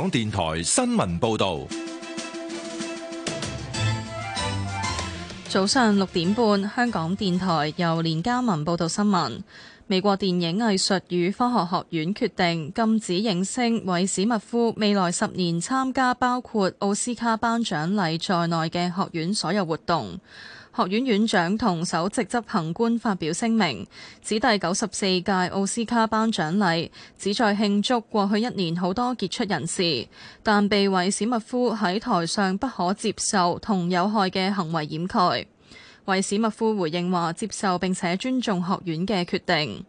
港電台新聞報道：早上六點半，香港電台由連家文報道新聞。美國電影藝術與科學學院決定禁止影星韋史密夫未來十年參加包括奧斯卡頒獎禮在內嘅學院所有活動。學院院長同首席執行官發表聲明，指第九十四屆奧斯卡頒獎禮旨在慶祝過去一年好多傑出人士，但被韋史密夫喺台上不可接受同有害嘅行為掩蓋。韋史密夫回應話：接受並且尊重學院嘅決定。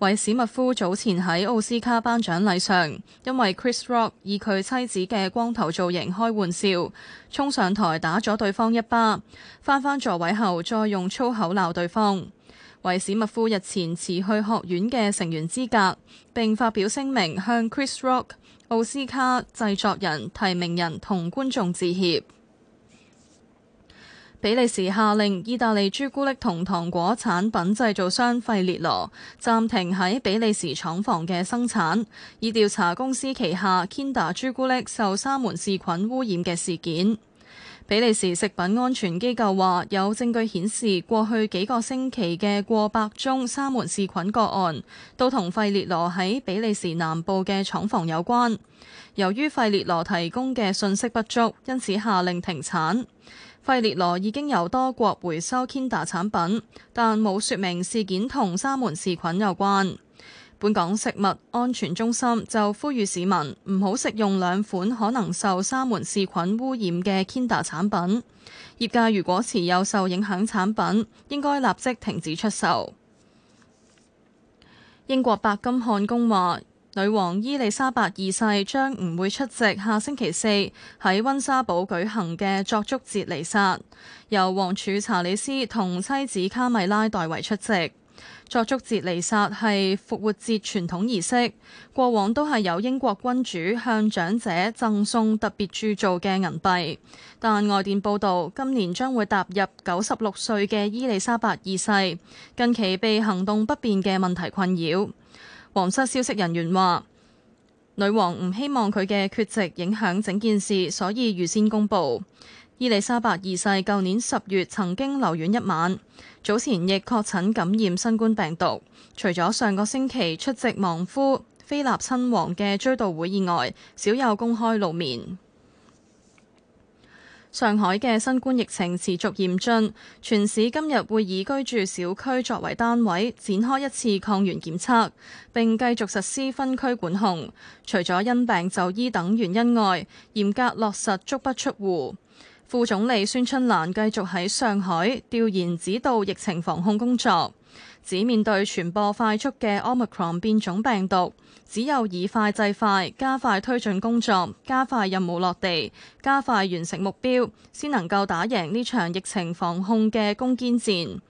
韋史密夫早前喺奧斯卡頒獎禮上，因為 Chris Rock 以佢妻子嘅光頭造型開玩笑，衝上台打咗對方一巴，返返座位後再用粗口鬧對方。韋史密夫日前辭去學院嘅成員資格，並發表聲明向 Chris Rock、奧斯卡製作人、提名人同觀眾致歉。比利時下令意大利朱古力同糖果產品製造商費列羅暫停喺比利時廠房嘅生產，以調查公司旗下 Kinder 朱古力受沙門氏菌污染嘅事件。比利時食品安全機構話，有證據顯示過去幾個星期嘅過百宗沙門氏菌個案都同費列羅喺比利時南部嘅廠房有關。由於費列羅提供嘅信息不足，因此下令停產。費列羅已經有多國回收 Kinder 產品，但冇說明事件同沙門氏菌有關。本港食物安全中心就呼籲市民唔好食用兩款可能受沙門氏菌污染嘅 Kinder 產品。業界如果持有受影響產品，應該立即停止出售。英國白金漢宮話，女王伊麗莎白二世將唔會出席下星期四喺溫莎堡舉行嘅作足節彌撒，由王儲查理斯同妻子卡米拉代為出席。作足節彌撒係復活節傳統儀式，過往都係由英國君主向長者贈送特別鑄造嘅銀幣。但外電報道，今年將會踏入九十六歲嘅伊麗莎白二世，近期被行動不便嘅問題困擾。皇室消息人員話：女王唔希望佢嘅缺席影響整件事，所以預先公佈。伊麗莎白二世舊年十月曾經留院一晚，早前亦確診感染新冠病毒。除咗上個星期出席亡夫菲臘親王嘅追悼會以外，少有公開露面。上海嘅新冠疫情持續嚴峻，全市今日會以居住小區作為單位，展開一次抗原檢測，並繼續實施分區管控。除咗因病就醫等原因外，嚴格落實足不出戶。副總理孫春蘭繼續喺上海調研指導疫情防控工作，指面對傳播快速嘅 Omicron 變種病毒。只有以快制快，加快推進工作，加快任務落地，加快完成目標，先能夠打贏呢場疫情防控嘅攻堅戰，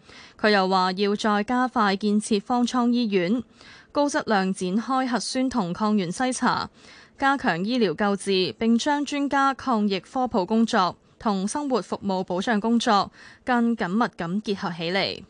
佢又話要再加快建設方艙醫院，高質量展開核酸同抗原篩查，加強醫療救治，並將專家抗疫科普工作同生活服務保障工作更緊密咁結合起嚟。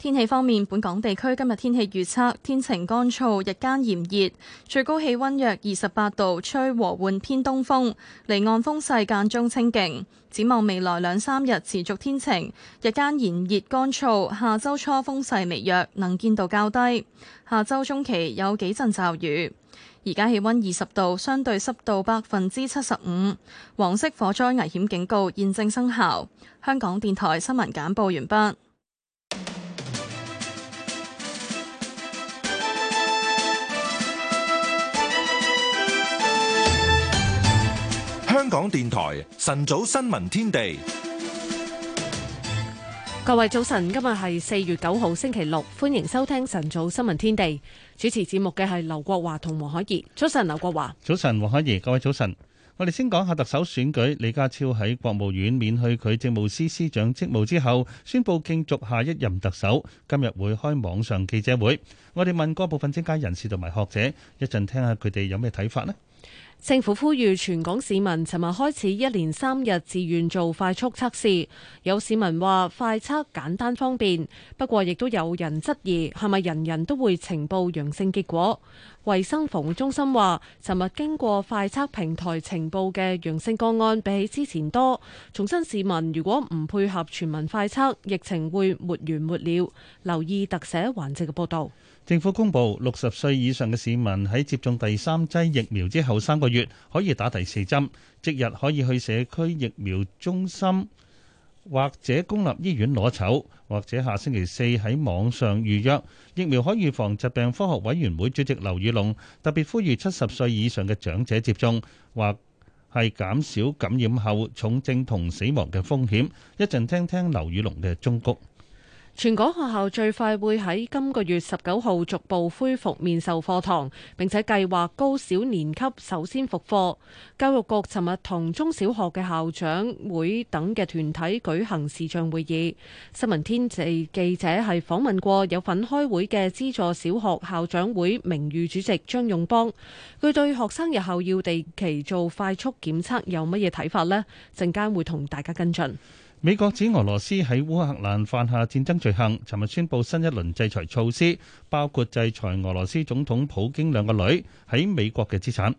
天氣方面，本港地區今日天氣預測天晴乾燥，日間炎熱，最高氣溫約二十八度，吹和緩偏東風，離岸風勢間中清勁。展望未來兩三日持續天晴，日間炎熱乾燥。下周初風勢微弱，能見度較低。下周中期有幾陣驟雨。而家氣溫二十度，相對濕度百分之七十五。黃色火災危險警告現正生效。香港電台新聞簡報完畢。香港電台晨早新聞天地，各位早晨，今日係四月九號星期六，歡迎收聽晨早新聞天地。主持節目嘅係劉國華同黃海怡。早晨，劉國華。早晨，黃海怡。各位早晨，我哋先講下特首選舉。李家超喺國務院免去佢政務司司長職務之後，宣佈競逐下一任特首，今日會開網上記者會。我哋問過部分政界人士同埋學者，一陣聽下佢哋有咩睇法呢。政府呼籲全港市民，尋日開始一連三日，自願做快速測試，有市民話快測簡單方便，不過亦都有人質疑係咪人人都會呈報陽性結果。衛生防護中心話尋日經過快測平台呈報嘅陽性個案，比起之前多。重申市民如果唔配合全民快測，疫情會沒完沒了。留意特寫環節嘅報道。政府公布，六十歲以上嘅市民喺接種第三劑疫苗之後三個月可以打第四針，即日可以去社區疫苗中心或者公立醫院攞籌，或者下星期四喺網上預約疫苗。可預防疾病科學委員會主席劉宇龍特別呼籲七十歲以上嘅長者接種，或係減少感染後重症同死亡嘅風險，一陣聽聽劉宇龍嘅忠告。全港學校最快會喺今個月十九號逐步恢復面授課堂，並且計劃高小年級首先復課。教育局尋日同中小學嘅校長會等嘅團體舉行視像會議。新聞天地記者係訪問過有份開會嘅資助小學校長會名譽主席張勇邦，佢對學生日後要定期做快速檢測有乜嘢睇法呢？陣間會同大家跟進。美國指俄羅斯喺烏克蘭犯下戰爭罪行，尋日宣布新一輪制裁措施，包括制裁俄羅斯總統普京兩個女喺美國嘅資產。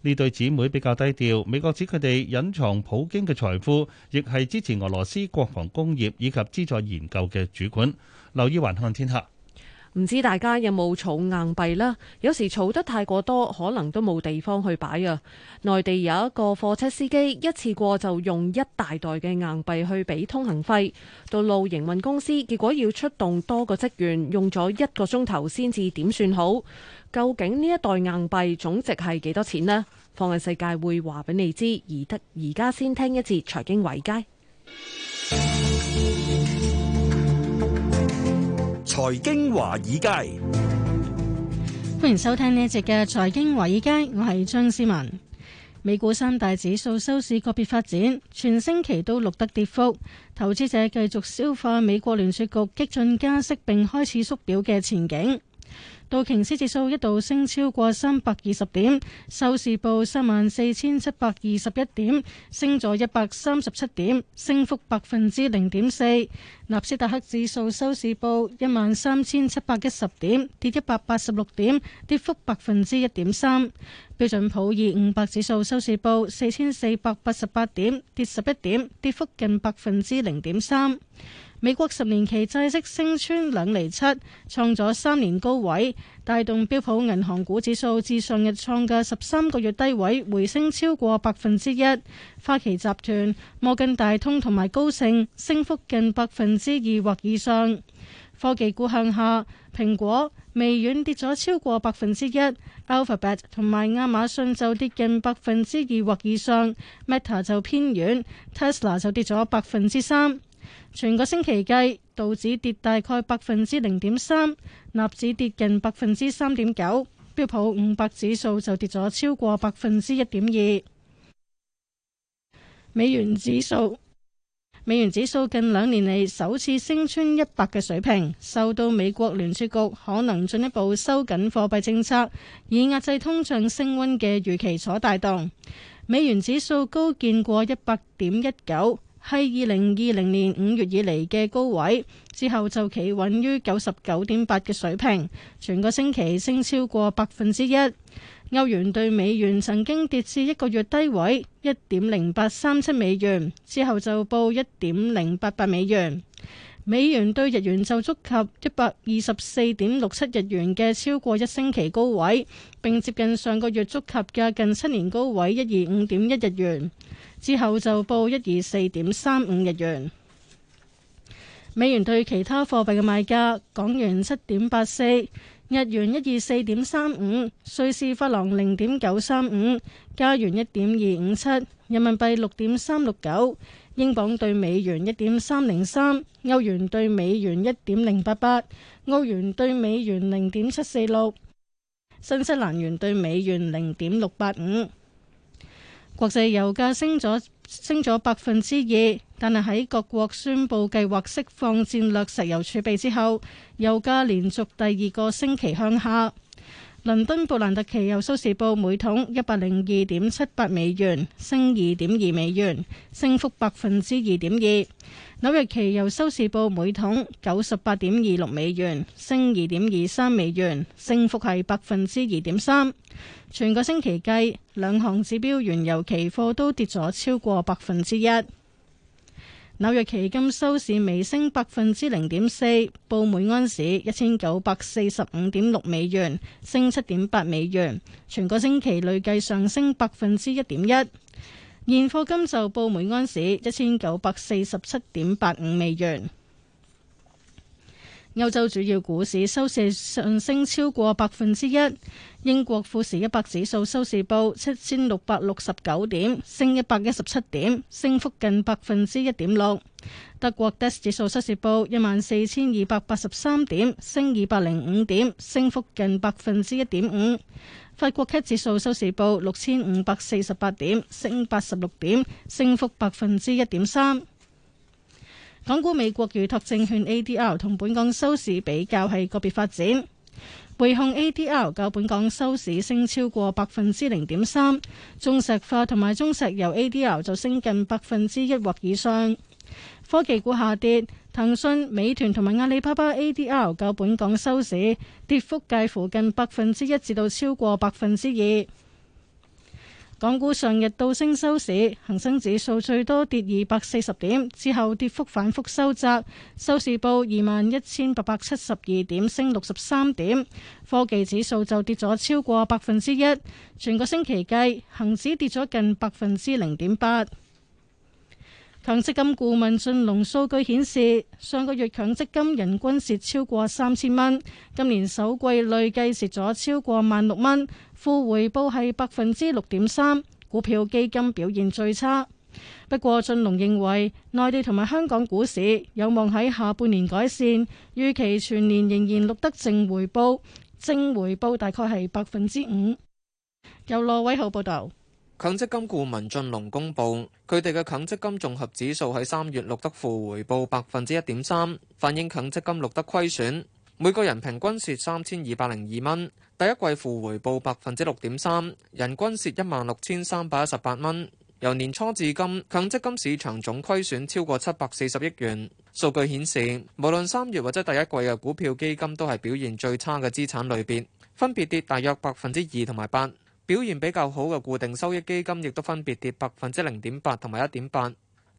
呢對姊妹比較低調，美國指佢哋隱藏普京嘅財富，亦係支持俄羅斯國防工業以及資助研究嘅主管。留意環看天下。唔知大家有冇儲硬幣啦？有時儲得太過多，可能都冇地方去擺啊！內地有一個貨車司機，一次過就用一大袋嘅硬幣去俾通行費，道路營運公司結果要出動多個職員，用咗一個鐘頭先至點算好。究竟呢一袋硬幣總值係幾多錢呢？放眼世界會話俾你知，而得而家先聽一節財經圍佳。財經華爾街，歡迎收聽呢一集嘅財經華爾街，我係張思文。美股三大指數收市個別發展，全星期都錄得跌幅，投資者繼續消化美國聯儲局激進加息，並開始縮表嘅前景。道瓊斯指數一度升超過三百二十點，收市報三萬四千七百二十一點，升咗一百三十七點，升幅百分之零點四。納斯達克指數收市報一萬三千七百一十點，跌一百八十六點，跌幅百分之一點三。標準普爾五百指數收市報四千四百八十八點，跌十一點，跌幅近百分之零點三。美國十年期債息升穿兩厘七，創咗三年高位，帶動標普銀行股指數自上日創嘅十三個月低位回升超過百分之一。花旗集團、摩根大通同埋高盛升幅近百分之二或以上。科技股向下，蘋果微軟跌咗超過百分之一，Alphabet 同埋亞馬遜就跌近百分之二或以上，Meta 就偏軟，Tesla 就跌咗百分之三。全個星期計，道指跌大概百分之零點三，納指跌近百分之三點九，標普五百指數就跌咗超過百分之一點二。美元指數，美元指數近兩年嚟首次升穿一百嘅水平，受到美國聯儲局可能進一步收緊貨幣政策以壓制通脹升温嘅預期所帶動。美元指數高見過一百點一九。喺二零二零年五月以嚟嘅高位，之後就企穩於九十九點八嘅水平。全個星期升超過百分之一。歐元對美元曾經跌至一個月低位一點零八三七美元，之後就報一點零八八美元。美元對日元就觸及一百二十四點六七日元嘅超過一星期高位，並接近上個月觸及嘅近七年高位一二五點一日元。之後就報一二四點三五日元，美元對其他貨幣嘅賣價：港元七點八四，日元一二四點三五，瑞士法郎零點九三五，加元一點二五七，人民幣六點三六九，英鎊對美元一點三零三，歐元對美元一點零八八，澳元對美元零點七四六，新西蘭元對美元零點六八五。國際油價升咗升咗百分之二，但係喺各國宣布計劃釋放戰略石油儲備之後，油價連續第二個星期向下。倫敦布蘭特期油收市報每桶一百零二點七八美元，升二點二美元，升幅百分之二點二。紐約期油收市報每桶九十八點二六美元，升二點二三美元，升幅係百分之二點三。全個星期計，兩項指標原油期貨都跌咗超過百分之一。紐約期金收市微升百分之零點四，報每安士一千九百四十五點六美元，升七點八美元，全個星期累計上升百分之一點一。現貨金就報每安士一千九百四十七點八五美元。歐洲主要股市收市上升超過百分之一。英國富時一百指數收市報七千六百六十九點，升一百一十七點，升幅近百分之一點六。德國 DAX 指數收市報一萬四千二百八十三點，升二百零五點，升幅近百分之一點五。法國 CAC 指數收市報六千五百四十八點，升八十六點，升幅百分之一點三。港股美國預託證券 ADR 同本港收市比較係個別發展。匯控 ADR 較本港收市升超過百分之零點三，中石化同埋中石油 ADR 就升近百分之一或以上。科技股下跌，騰訊、美團同埋阿里巴巴 ADR 較本港收市跌幅介乎近百分之一至到超過百分之二。港股上日倒升收市，恒生指數最多跌二百四十點，之後跌幅反覆收窄，收市報二萬一千八百七十二點，升六十三點。科技指數就跌咗超過百分之一，全個星期計，恒指跌咗近百分之零點八。強積金顧問駿龍數據顯示，上個月強積金人均蝕超過三千蚊，今年首季累計蝕咗超過萬六蚊，負回報係百分之六點三。股票基金表現最差。不過駿龍認為，內地同埋香港股市有望喺下半年改善，預期全年仍然錄得正回報，正回報大概係百分之五。由羅偉浩報道。強積金顧問駿隆公布，佢哋嘅強積金綜合指數喺三月錄得負回報百分之一點三，反映強積金錄得虧損。每個人平均蝕三千二百零二蚊。第一季負回報百分之六點三，人均蝕一萬六千三百一十八蚊。由年初至今，強積金市場總虧損超過七百四十億元。數據顯示，無論三月或者第一季嘅股票基金都係表現最差嘅資產類別，分別跌大約百分之二同埋八。表現比較好嘅固定收益基金亦都分別跌百分之零點八同埋一點八。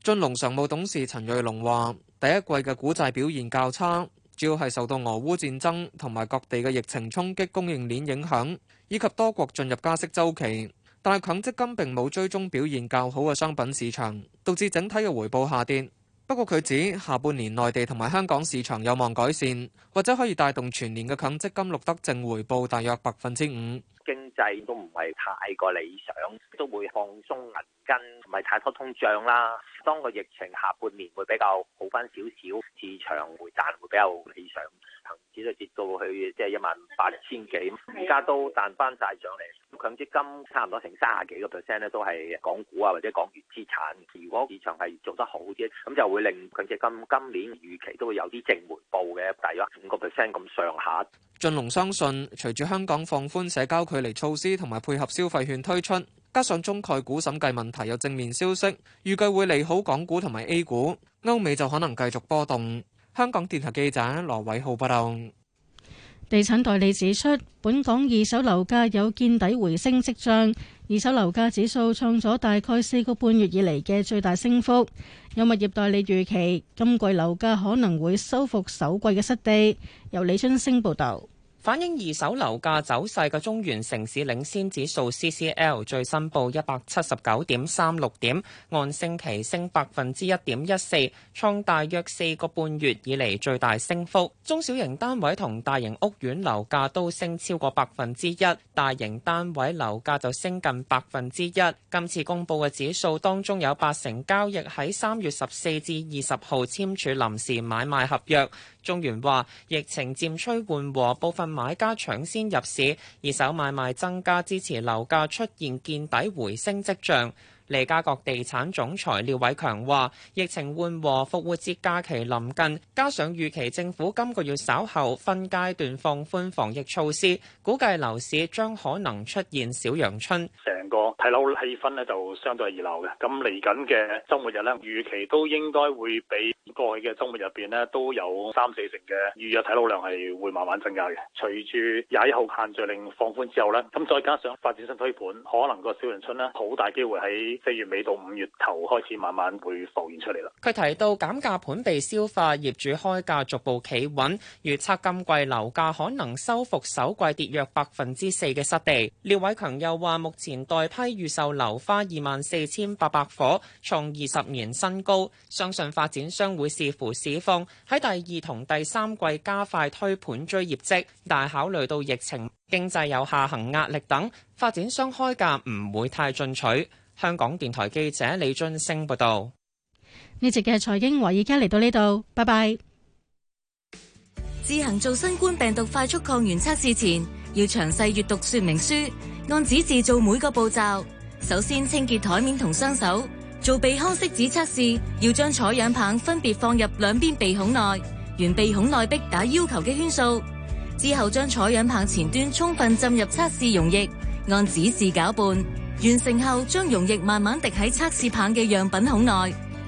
駿隆常務董事陳瑞龍話：第一季嘅股債表現較差，主要係受到俄烏戰爭同埋各地嘅疫情衝擊供應鏈影響，以及多國進入加息周期。但係強積金並冇追蹤表現較好嘅商品市場，導致整體嘅回報下跌。不過佢指下半年內地同埋香港市場有望改善，或者可以帶動全年嘅強積金錄得正回報大約百分之五。經濟都唔係太過理想，都會放鬆銀根，唔係太多通脹啦。當個疫情下半年會比較好翻少少，市場回彈會比較理想，恆指都跌到去即係一萬八千幾，而家都賺翻晒上嚟。強積金差唔多成三十幾個 percent 咧，都係港股啊或者港元資產。如果市場係做得好啲，咁就會令強積金今年預期都會有啲正回報嘅，大約五個 percent 咁上下。俊龍相信，隨住香港放寬社交距離措施同埋配合消費券推出。加上中概股審計問題有正面消息，預計會利好港股同埋 A 股，歐美就可能繼續波動。香港電台記者羅偉浩報道。地產代理指出，本港二手樓價有見底回升跡象，二手樓價指數創咗大概四個半月以嚟嘅最大升幅。有物業代理預期今季樓價可能會收復首季嘅失地。由李春升報道。反映二手樓價走勢嘅中原城市領先指數 CCL 最新報一百七十九點三六點，按星期升百分之一點一四，創大約四個半月以嚟最大升幅。中小型單位同大型屋苑樓價都升超過百分之一，大型單位樓價就升近百分之一。今次公佈嘅指數當中有八成交易喺三月十四至二十號簽署臨時買賣合約。中原話疫情漸趨緩和，部分買家搶先入市，二手買賣增加，支持樓價出現見底回升跡象。利嘉閣地產總裁廖偉強話，疫情緩和、復活節假期臨近，加上預期政府今個月稍後分階段放寬防疫措施，估計樓市將可能出現小陽春。成個睇樓氣氛呢就相對熱鬧嘅。咁嚟緊嘅周末日呢，預期都應該會比過去嘅周末日入邊呢都有三四成嘅預約睇樓量係會慢慢增加嘅。隨住廿一號限聚令放寬之後呢，咁再加上發展商推盤，可能個小陽春呢好大機會喺，四月尾到五月頭開始慢慢會浮現出嚟啦。佢提到減價盤被消化，業主開價逐步企穩，預測今季樓價可能收復首季跌約百分之四嘅失地。廖偉強又話，目前待批預售樓花二萬四千八百伙，創二十年新高，相信發展商會視乎市況喺第二同第三季加快推盤追業績，但考慮到疫情、經濟有下行壓力等，發展商開價唔會太進取。香港電台記者李俊升報道。呢集嘅蔡英華而家嚟到呢度，拜拜。自行做新冠病毒快速抗原測試前，要詳細閱讀說明書，按指示做每個步驟。首先清潔台面同雙手。做鼻腔拭子測試，要將採樣棒分別放入兩邊鼻孔內，沿鼻孔內壁打要求嘅圈數。之後將採樣棒前端充分浸入測試溶液，按指示攪拌。完成後，將溶液慢慢滴喺測試棒嘅樣品孔內，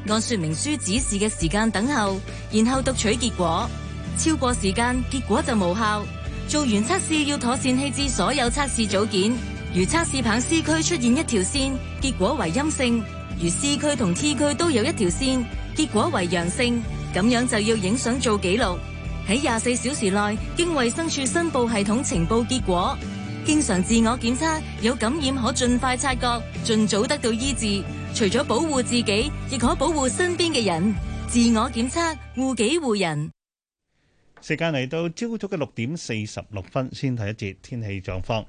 按說明書指示嘅時間等候，然後讀取結果。超過時間，結果就無效。做完測試要妥善棄置所有測試組件。如測試棒 C 區出現一條線，結果為陰性；如 C 區同 T 區都有一條線，結果為陽性。咁樣就要影相做記錄，喺廿四小時內經衛生署申報系統呈報結果。經常自我檢測，有感染可盡快察覺，盡早得到醫治。除咗保護自己，亦可保護身邊嘅人。自我檢測，護己護人。時間嚟到朝早嘅六點四十六分，先睇一節天氣狀況。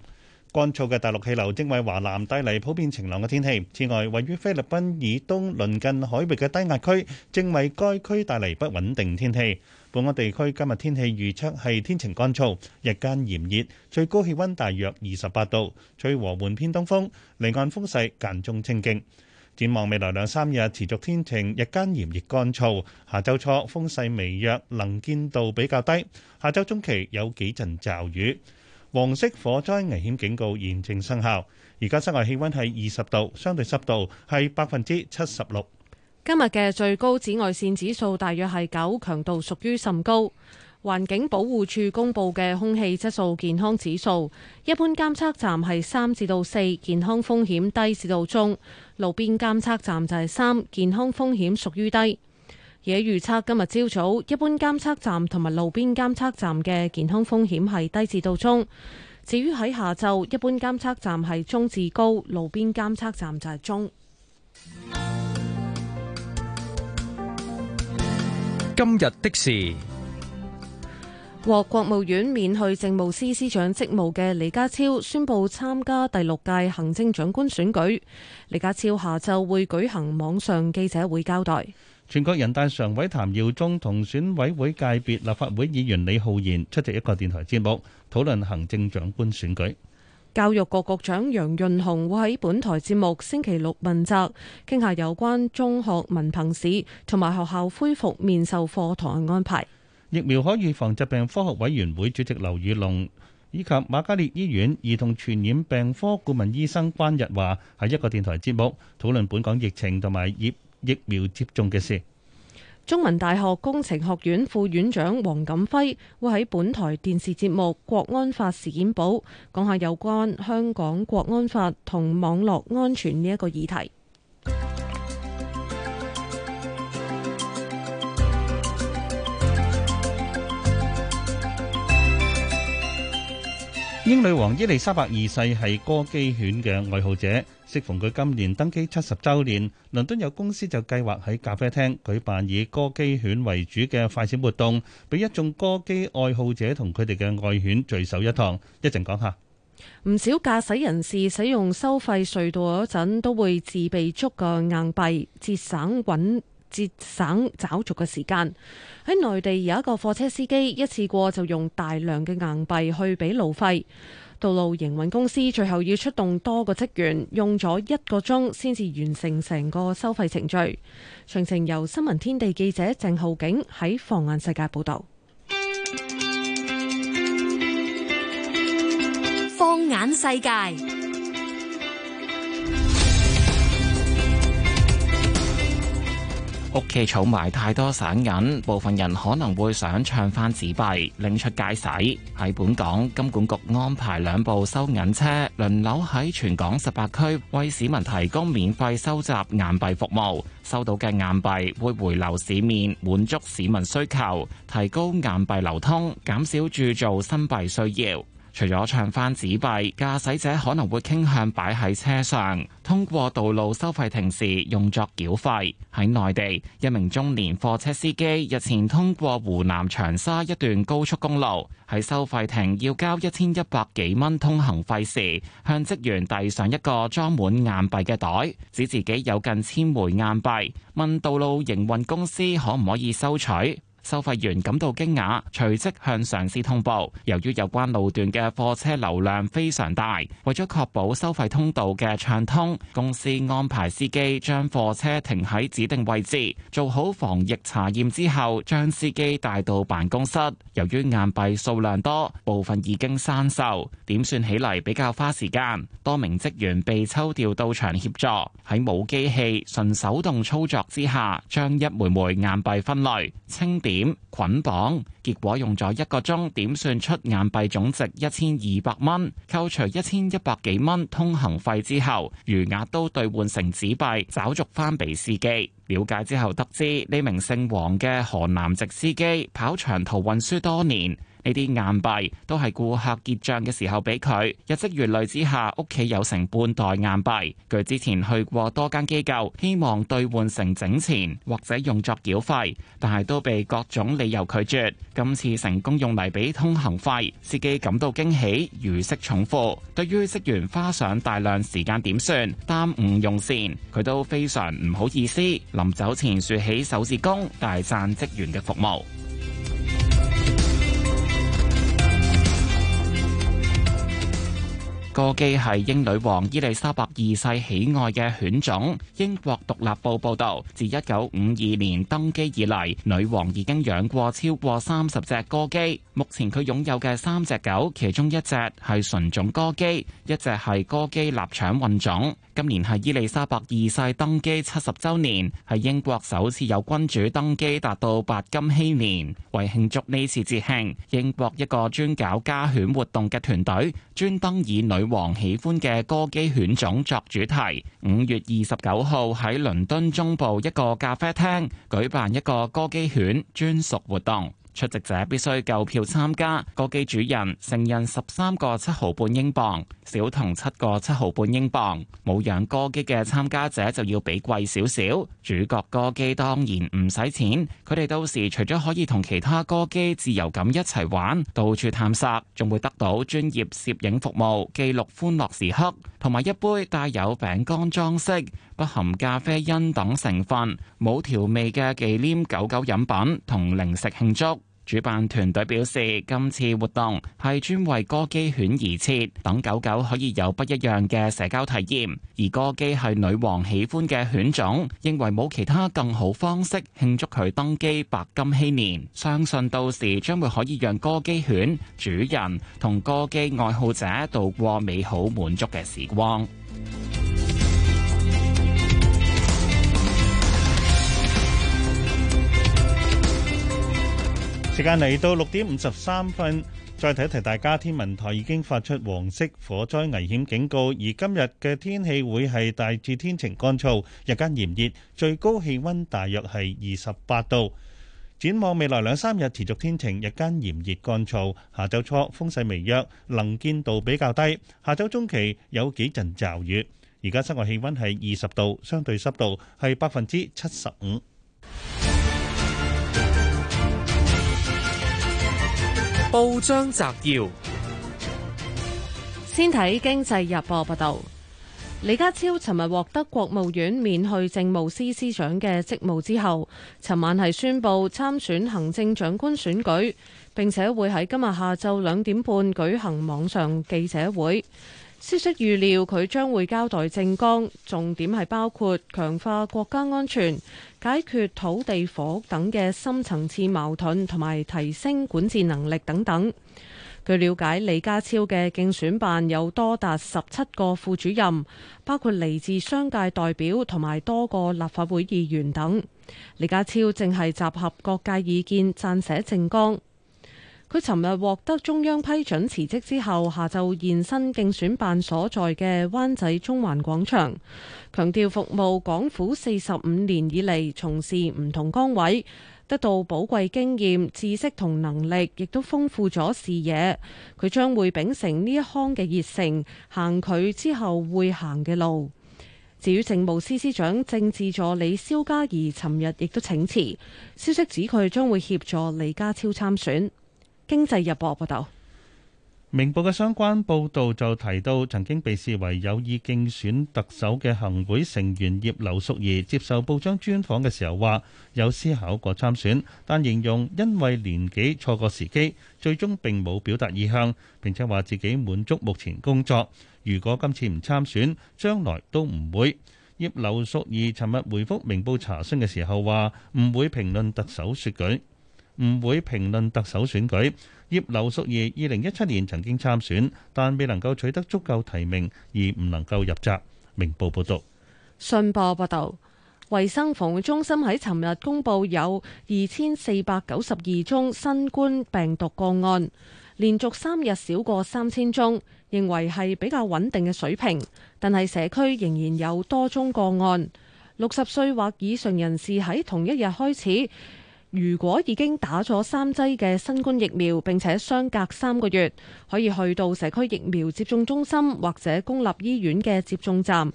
乾燥嘅大陸氣流正為華南帶嚟普遍晴朗嘅天氣。此外，位於菲律賓以東鄰近海域嘅低壓區，正為該區帶嚟不穩定天氣。本港地區今日天氣預測係天晴乾燥，日間炎熱，最高氣溫大約二十八度，吹和緩偏東風，離岸風勢間中清勁。展望未來兩三日持續天晴，日間炎熱乾燥。下週初風勢微弱，能見度比較低。下週中期有幾陣驟雨。黃色火災危險警告現正生效。而家室外氣溫係二十度，相對濕度係百分之七十六。今日嘅最高紫外線指數大約係九，強度屬於甚高。環境保護署公布嘅空氣質素健康指數，一般監測站係三至到四，健康風險低至到中；路邊監測站就係三，健康風險屬於低。而預測今日朝早一般監測站同埋路邊監測站嘅健康風險係低至到中。至於喺下晝，一般監測站係中至高，路邊監測站就係中。今日的事，獲國務院免去政務司司長職務嘅李家超宣布參加第六屆行政長官選舉。李家超下晝會舉行網上記者會交代。全國人大常委譚耀宗同選委會界別立法會議員李浩然出席一個電台節目，討論行政長官選舉。教育局局長楊潤雄會喺本台節目星期六問責，傾下有關中學文憑試同埋學校恢復面授課堂安排。疫苗可預防疾病科學委員會主席劉宇龍以及瑪嘉烈醫院兒童傳染病科顧問醫生關日華喺一個電台節目討論本港疫情同埋疫疫苗接種嘅事。中文大學工程學院副院長黃錦輝會喺本台電視節目《國安法事件簿》講下有關香港國安法同網絡安全呢一個議題。英女王伊麗莎白二世係柯基犬嘅愛好者，適逢佢今年登基七十周年，倫敦有公司就計劃喺咖啡廳舉辦以柯基犬為主嘅快閃活動，俾一眾柯基愛好者同佢哋嘅愛犬聚首一堂。一陣講下，唔少駕駛人士使用收費隧道嗰陣都會自備足夠硬幣，節省揾、節省找續嘅時間，喺內地有一個貨車司機一次過就用大量嘅硬幣去俾路費，道路營運公司最後要出動多個職員，用咗一個鐘先至完成成個收費程序。詳情由新聞天地記者鄭浩景喺放眼世界報道。放眼世界。屋企儲埋太多散銀，部分人可能會想唱翻紙幣，拎出街使。喺本港，金管局安排兩部收銀車，輪流喺全港十八區為市民提供免費收集硬幣服務。收到嘅硬幣會回流市面，滿足市民需求，提高硬幣流通，減少鑄造新幣需要。除咗唱翻紙幣，駕駛者可能會傾向擺喺車上，通過道路收費亭時用作繳費。喺內地，一名中年貨車司機日前通過湖南長沙一段高速公路，喺收費亭要交一千一百幾蚊通行費時，向職員遞上一個裝滿硬幣嘅袋，指自己有近千枚硬幣，問道路營運公司可唔可以收取。收費員感到驚訝，隨即向上司通報。由於有關路段嘅貨車流量非常大，為咗確保收費通道嘅暢通，公司安排司機將貨車停喺指定位置，做好防疫查驗之後，將司機帶到辦公室。由於硬幣數量多，部分已經生鏽，點算起嚟比較花時間。多名職員被抽調到場協助，喺冇機器、純手動操作之下，將一枚枚硬幣分類清點。點捆綁，結果用咗一個鐘點算出硬幣總值一千二百蚊，扣除一千一百幾蚊通行費之後，餘額都兌換成紙幣找續翻俾司機。了解之後得知，呢名姓黃嘅河南籍司機跑長途運輸多年。呢啲硬幣都係顧客結賬嘅時候俾佢，日積月累之下，屋企有成半袋硬幣。佢之前去過多間機構希望兌換成整錢或者用作繳費，但係都被各種理由拒絕，今次成功用嚟俾通行費，司機感到驚喜，如釋重負。對於職員花上大量時間點算，耽誤用膳，佢都非常唔好意思。臨走前豎起手指公，大讚職員嘅服務。哥基係英女王伊麗莎白二世喜愛嘅犬種。英國獨立報報道，自1952年登基以嚟，女王已經養過超過三十隻哥基。目前佢擁有嘅三隻狗，其中一隻係純種哥基，一隻係哥基臘腸混種。今年係伊麗莎白二世登基七十周年，係英國首次有君主登基達到白金禧年。為慶祝呢次節慶，英國一個專搞家犬活動嘅團隊，專登以女。女王喜歡嘅柯基犬種作主題，五月二十九號喺倫敦中部一個咖啡廳舉辦一個柯基犬專屬活動。出席者必須購票參加，哥基主人成人十三個七毫半英鎊，小童七個七毫半英鎊。冇養哥基嘅參加者就要畀貴少少。主角哥基當然唔使錢，佢哋到時除咗可以同其他哥基自由咁一齊玩，到處探索，仲會得到專業攝影服務記錄歡樂時刻，同埋一杯帶有餅乾裝飾，不含咖啡因等成分、冇調味嘅忌廉狗狗飲品同零食慶祝。主辦團隊表示，今次活動係專為哥基犬而設，等狗狗可以有不一樣嘅社交體驗。而哥基係女王喜歡嘅犬種，認為冇其他更好方式慶祝佢登基白金禧年。相信到時將會可以讓哥基犬主人同哥基愛好者度過美好滿足嘅時光。時間嚟到六點五十三分，再提一提大家，天文台已經發出黃色火災危險警告，而今日嘅天氣會係大致天晴乾燥，日間炎熱，最高氣溫大約係二十八度。展望未來兩三日持續天晴，日間炎熱乾燥，下周初風勢微弱，能見度比較低，下周中期有幾陣驟雨。而家室外氣溫係二十度，相對濕度係百分之七十五。報章摘要，先睇經濟日報報道，李家超尋日獲得國務院免去政務司司長嘅職務之後，尋晚係宣布參選行政長官選舉，並且會喺今日下晝兩點半舉行網上記者會。消息預料佢將會交代政綱，重點係包括強化國家安全。解決土地、房屋等嘅深層次矛盾，同埋提升管治能力等等。據了解，李家超嘅競選辦有多達十七個副主任，包括嚟自商界代表同埋多個立法會議員等。李家超正係集合各界意見，撰寫政綱。佢尋日獲得中央批准辭職之後，下晝現身競選辦所在嘅灣仔中環廣場，強調服務港府四十五年以嚟，從事唔同崗位，得到寶貴經驗、知識同能力，亦都豐富咗視野。佢將會秉承呢一腔嘅熱誠，行佢之後會行嘅路。至於政務司司長政治助理蕭家怡，尋日亦都請辭，消息指佢將會協助李家超參選。經濟日報報道，明報嘅相關報道就提到，曾經被視為有意競選特首嘅行會成員葉劉淑儀接受報章專訪嘅時候，話有思考過參選，但形容因為年紀錯過時機，最終並冇表達意向，並且話自己滿足目前工作，如果今次唔參選，將來都唔會。葉劉淑儀尋日回覆明報查詢嘅時候話，唔會評論特首選舉。唔會評論特首選舉。葉劉淑儀二零一七年曾經參選，但未能夠取得足夠提名而唔能夠入閘。明報報道。信報報道，衞生防護中心喺尋日公布有二千四百九十二宗新冠病毒個案，連續三日少過三千宗，認為係比較穩定嘅水平。但係社區仍然有多宗個案。六十歲或以上人士喺同一日開始。如果已經打咗三劑嘅新冠疫苗，並且相隔三個月，可以去到社區疫苗接種中心或者公立醫院嘅接種站，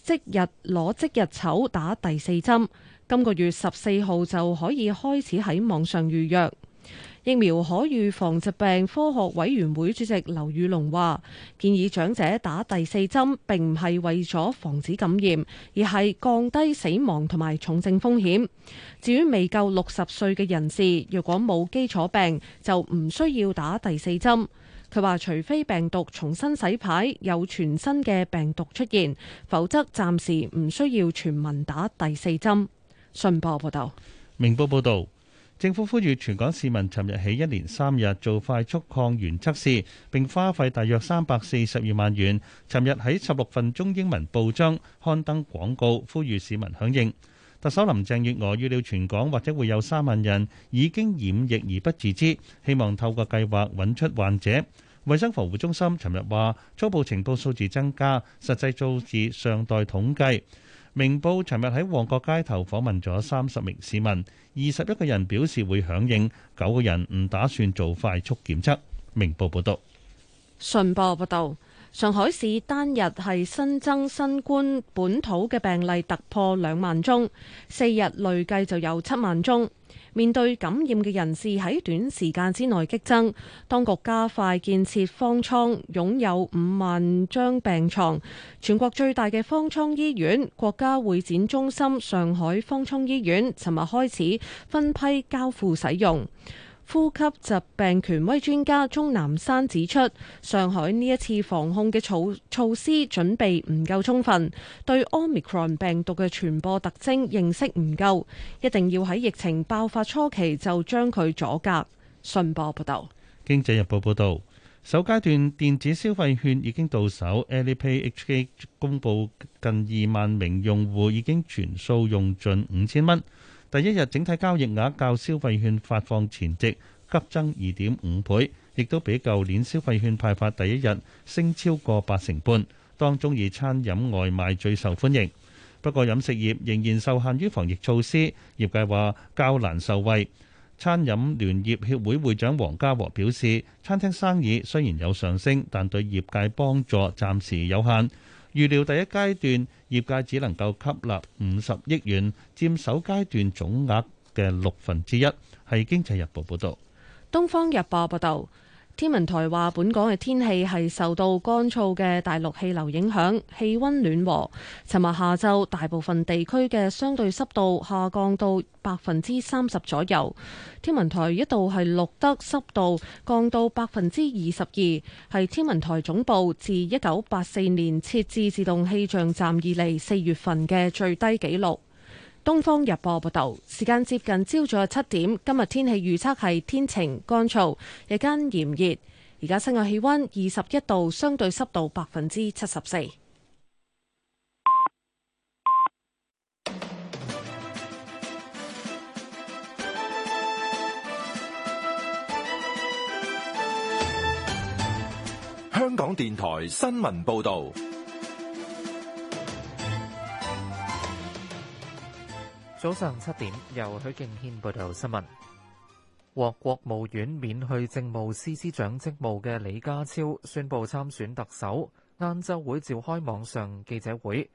即日攞即日籌打第四針。今個月十四號就可以開始喺網上預約。疫苗可預防疾病科學委員會主席劉宇龍話，建議長者打第四針，並唔係為咗防止感染，而係降低死亡同埋重症風險。至於未夠六十歲嘅人士，若果冇基礎病，就唔需要打第四針。佢話，除非病毒重新洗牌，有全新嘅病毒出現，否則暫時唔需要全民打第四針。信報報道，明報報道。政府呼籲全港市民，尋日起一連三日做快速抗原測試，並花費大約三百四十二萬元。尋日喺十六份中英文報章刊登廣告，呼籲市民響應。特首林鄭月娥預料全港或者會有三萬人已經染疫而不自知，希望透過計劃揾出患者。衛生防護中心尋日話，初步情報數字增加，實際數字尚待統計。明報尋日喺旺角街頭訪問咗三十名市民，二十一個人表示會響應，九個人唔打算做快速檢測。明報報道，信報報道，上海市單日係新增新冠本土嘅病例突破兩萬宗，四日累計就有七萬宗。面對感染嘅人士喺短時間之內激增，當局加快建設方艙，擁有五萬張病床。全國最大嘅方艙醫院國家會展中心上海方艙醫院，尋日開始分批交付使用。呼吸疾病權威專家鍾南山指出，上海呢一次防控嘅措措施準備唔夠充分，對 Omicron 病毒嘅傳播特徵認識唔夠，一定要喺疫情爆發初期就將佢阻隔。信報報道，《經濟日報》報道，首階段電子消費券已經到手，Alipay HK 公佈近二萬名用戶已經全數用盡五千蚊。第一日整體交易額較消費券發放前夕急增二點五倍，亦都比舊年消費券派發第一日升超過八成半。當中以餐飲外賣最受歡迎，不過飲食業仍然受限於防疫措施，業界話較難受惠。餐飲聯業協會會長黃家和表示，餐廳生意雖然有上升，但對業界幫助暫時有限。預料第一階段業界只能夠吸納五十億元，佔首階段總額嘅六分之一，係經濟日報報導。東方日報報導。天文台話，本港嘅天氣係受到乾燥嘅大陸氣流影響，氣溫暖和。尋日下晝，大部分地區嘅相對濕度下降到百分之三十左右。天文台一度係錄得濕度降到百分之二十二，係天文台總部自一九八四年設置自動氣象站以嚟四月份嘅最低紀錄。東方日報報道，時間接近朝早七點，今日天氣預測係天晴乾燥，日間炎熱。而家室外氣溫二十一度，相對濕度百分之七十四。香港電台新聞報道。早上七點，由許敬軒報道新聞。獲國務院免去政務司司長職務嘅李家超宣布參選特首，晏晝會召開網上記者會。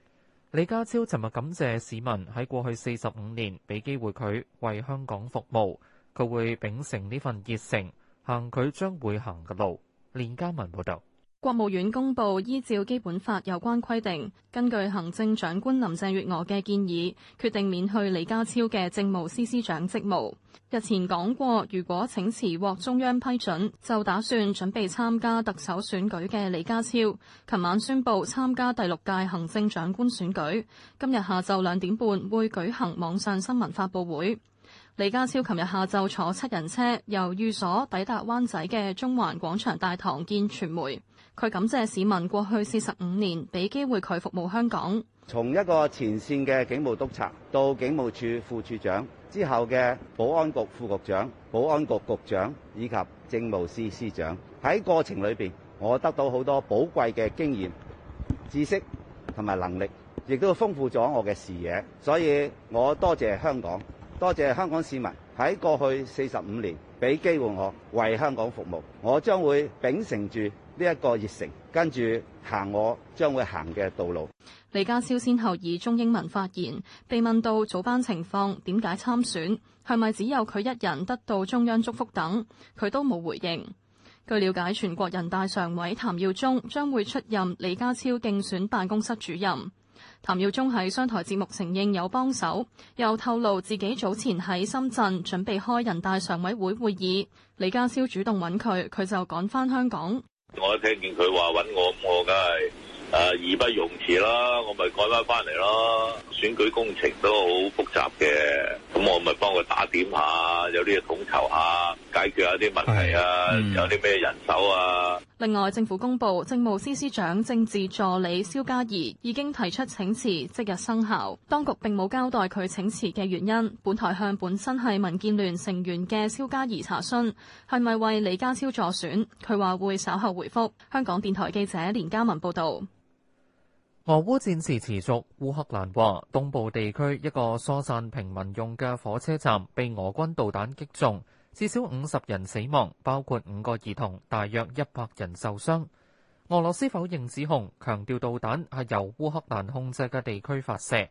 李家超尋日感謝市民喺過去四十五年俾機會佢為香港服務，佢會秉承呢份熱誠，行佢將會行嘅路。連家文報道。國務院公布，依照基本法有關規定，根據行政長官林鄭月娥嘅建議，決定免去李家超嘅政務司司長職務。日前講過，如果請辭獲中央批准，就打算準備參加特首選舉嘅李家超，琴晚宣布參加第六屆行政長官選舉。今日下晝兩點半會舉行網上新聞發布會。李家超琴日下晝坐七人車由寓所抵達灣仔嘅中環廣場大堂見傳媒。佢感謝市民過去四十五年俾機會佢服務香港。從一個前線嘅警務督察到警務處副處長，之後嘅保安局副局長、保安局局長以及政務司司長，喺過程裏邊，我得到好多寶貴嘅經驗、知識同埋能力，亦都豐富咗我嘅視野。所以，我多謝香港，多謝香港市民喺過去四十五年俾機會我為香港服務。我將會秉承住，呢一個熱誠，跟住行我將會行嘅道路。李家超先後以中英文發言，被問到早班情況、點解參選，係咪只有佢一人得到中央祝福等，佢都冇回應。據了解，全國人大常委譚耀宗將會出任李家超競選辦公室主任。譚耀宗喺商台節目承認有幫手，又透露自己早前喺深圳準備開人大常委會會議，李家超主動揾佢，佢就趕返香港。我一聽見佢話揾我，咁我梗係。誒義不容辭啦，我咪改翻翻嚟咯。選舉工程都好複雜嘅，咁我咪幫佢打點下，有啲嘢統籌下，解決下啲問題啊，嗯、有啲咩人手啊。另外，政府公布政務司司長政治助理蕭嘉怡已經提出請辭，即日生效。當局並冇交代佢請辭嘅原因。本台向本身係民建聯成員嘅蕭嘉怡查詢，係咪為李家超助選？佢話會稍後回覆。香港電台記者連嘉文報道。俄烏戰事持續，烏克蘭話東部地區一個疏散平民用嘅火車站被俄軍導彈擊中，至少五十人死亡，包括五個兒童，大約一百人受傷。俄羅斯否認指控，強調導彈係由烏克蘭控制嘅地區發射。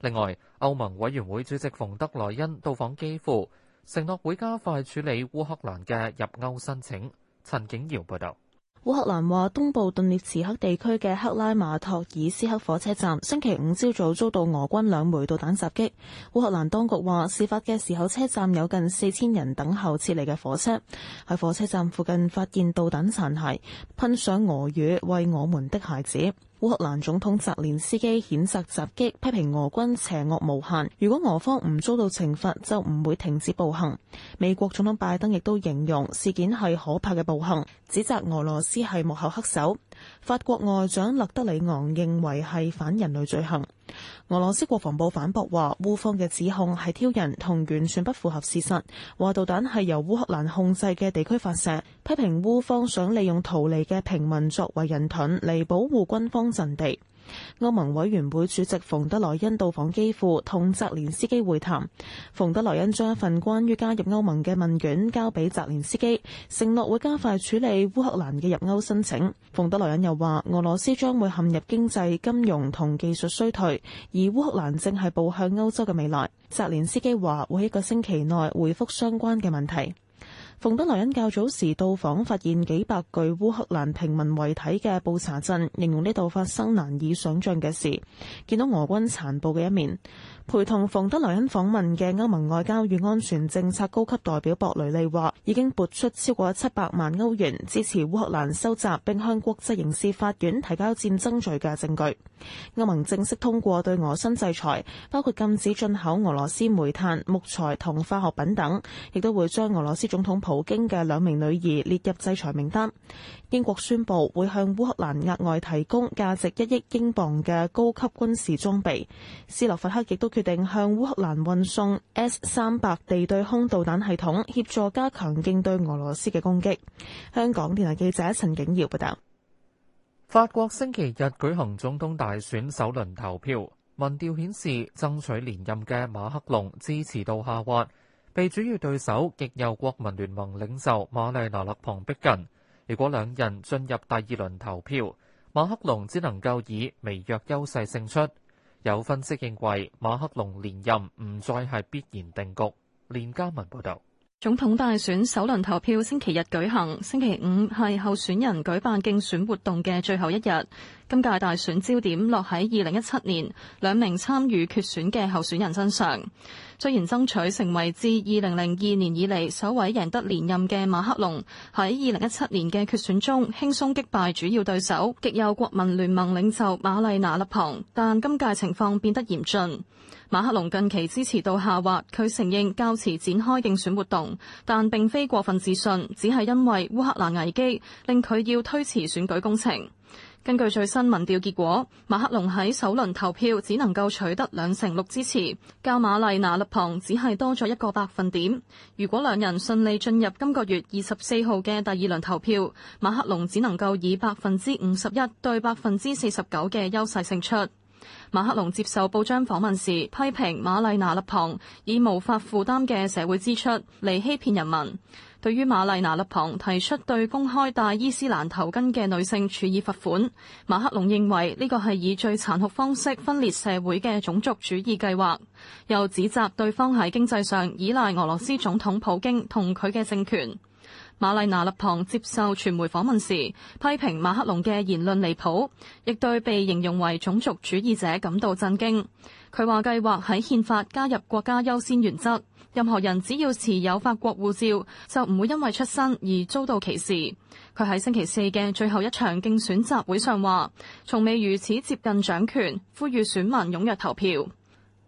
另外，歐盟委員會主席馮德萊恩到訪基輔，承諾會加快處理烏克蘭嘅入歐申請。陳景堯報道。烏克蘭話東部頓涅茨克地區嘅克拉馬托爾斯克火車站，星期五朝早遭到俄軍兩枚導彈襲擊。烏克蘭當局話，事發嘅時候車站有近四千人等候撤離嘅火車，喺火車站附近發現導彈殘骸，噴上俄語：為我們的孩子。烏克蘭總統澤連斯基譴責襲擊，批評俄軍邪惡無限。如果俄方唔遭到懲罰，就唔會停止暴行。美國總統拜登亦都形容事件係可怕嘅暴行，指責俄羅斯係幕後黑手。法國外長勒德里昂認為係反人類罪行。俄羅斯國防部反駁話，烏方嘅指控係挑釁，同完全不符合事實。話導彈係由烏克蘭控制嘅地區發射，批評烏方想利用逃離嘅平民作為人盾嚟保護軍方陣地。歐盟委員會主席馮德萊恩到訪基輔，同澤連斯基會談。馮德萊恩將一份關於加入歐盟嘅問卷交俾澤連斯基，承諾會加快處理烏克蘭嘅入歐申請。馮德萊恩又話，俄羅斯將會陷入經濟、金融同技術衰退，而烏克蘭正係步向歐洲嘅未來。澤連斯基話會喺一個星期內回覆相關嘅問題。馮德萊恩較早時到訪，發現幾百具烏克蘭平民遺體嘅布查鎮，形容呢度發生難以想像嘅事，見到俄軍殘暴嘅一面。陪同馮德萊恩訪問嘅歐盟外交與安全政策高級代表博雷利話，已經撥出超過七百萬歐元支持烏克蘭收集，並向國際刑事法院提交戰爭罪嘅證據。歐盟正式通過對俄新制裁，包括禁止進口俄羅斯煤炭、木材同化學品等，亦都會將俄羅斯總統普京嘅兩名女兒列入制裁名單。英國宣布會向烏克蘭額外提供價值一億英鎊嘅高級軍事裝備，斯洛伐克亦都決定向烏克蘭運送 S 三百地對空導彈系統，協助加強應對俄羅斯嘅攻擊。香港電台記者陳景耀報道。法國星期日舉行總統大選首輪投票，民調顯示爭取連任嘅馬克龍支持度下滑，被主要對手極右國民聯盟領袖瑪麗娜勒龐逼近。如果兩人進入第二輪投票，馬克龍只能夠以微弱優勢勝出。有分析認為馬克龍連任唔再係必然定局。連家文報道。總統大選首輪投票星期日舉行，星期五係候選人舉辦競選活動嘅最後一日。今屆大選焦點落喺二零一七年兩名參與決選嘅候選人身上。雖然爭取成為自二零零二年以嚟首位贏得連任嘅馬克龍喺二零一七年嘅決選中輕鬆擊敗主要對手，極右國民聯盟領袖瑪麗娜勒龐，但今屆情況變得嚴峻。馬克龍近期支持度下滑，佢承認較遲展開競選活動，但並非過分自信，只係因為烏克蘭危機令佢要推遲選舉工程。根據最新民調結果，馬克龍喺首輪投票只能夠取得兩成六支持，較瑪麗娜勒龐只係多咗一個百分點。如果兩人順利進入今個月二十四號嘅第二輪投票，馬克龍只能夠以百分之五十一對百分之四十九嘅優勢勝出。馬克龍接受報章訪問時，批評瑪麗娜勒龐以無法負擔嘅社會支出嚟欺騙人民。對於瑪麗娜勒龐提出對公開戴伊斯蘭頭巾嘅女性處以罰款，馬克龍認為呢個係以最殘酷方式分裂社會嘅種族主義計劃，又指責對方喺經濟上依賴俄羅斯總統普京同佢嘅政權。瑪麗娜立旁接受傳媒訪問時，批評馬克龍嘅言論離譜，亦對被形容為種族主義者感到震驚。佢話計劃喺憲法加入國家優先原則，任何人只要持有法國護照，就唔會因為出身而遭到歧視。佢喺星期四嘅最後一場競選集會上話，從未如此接近掌權，呼籲選民踴躍投票。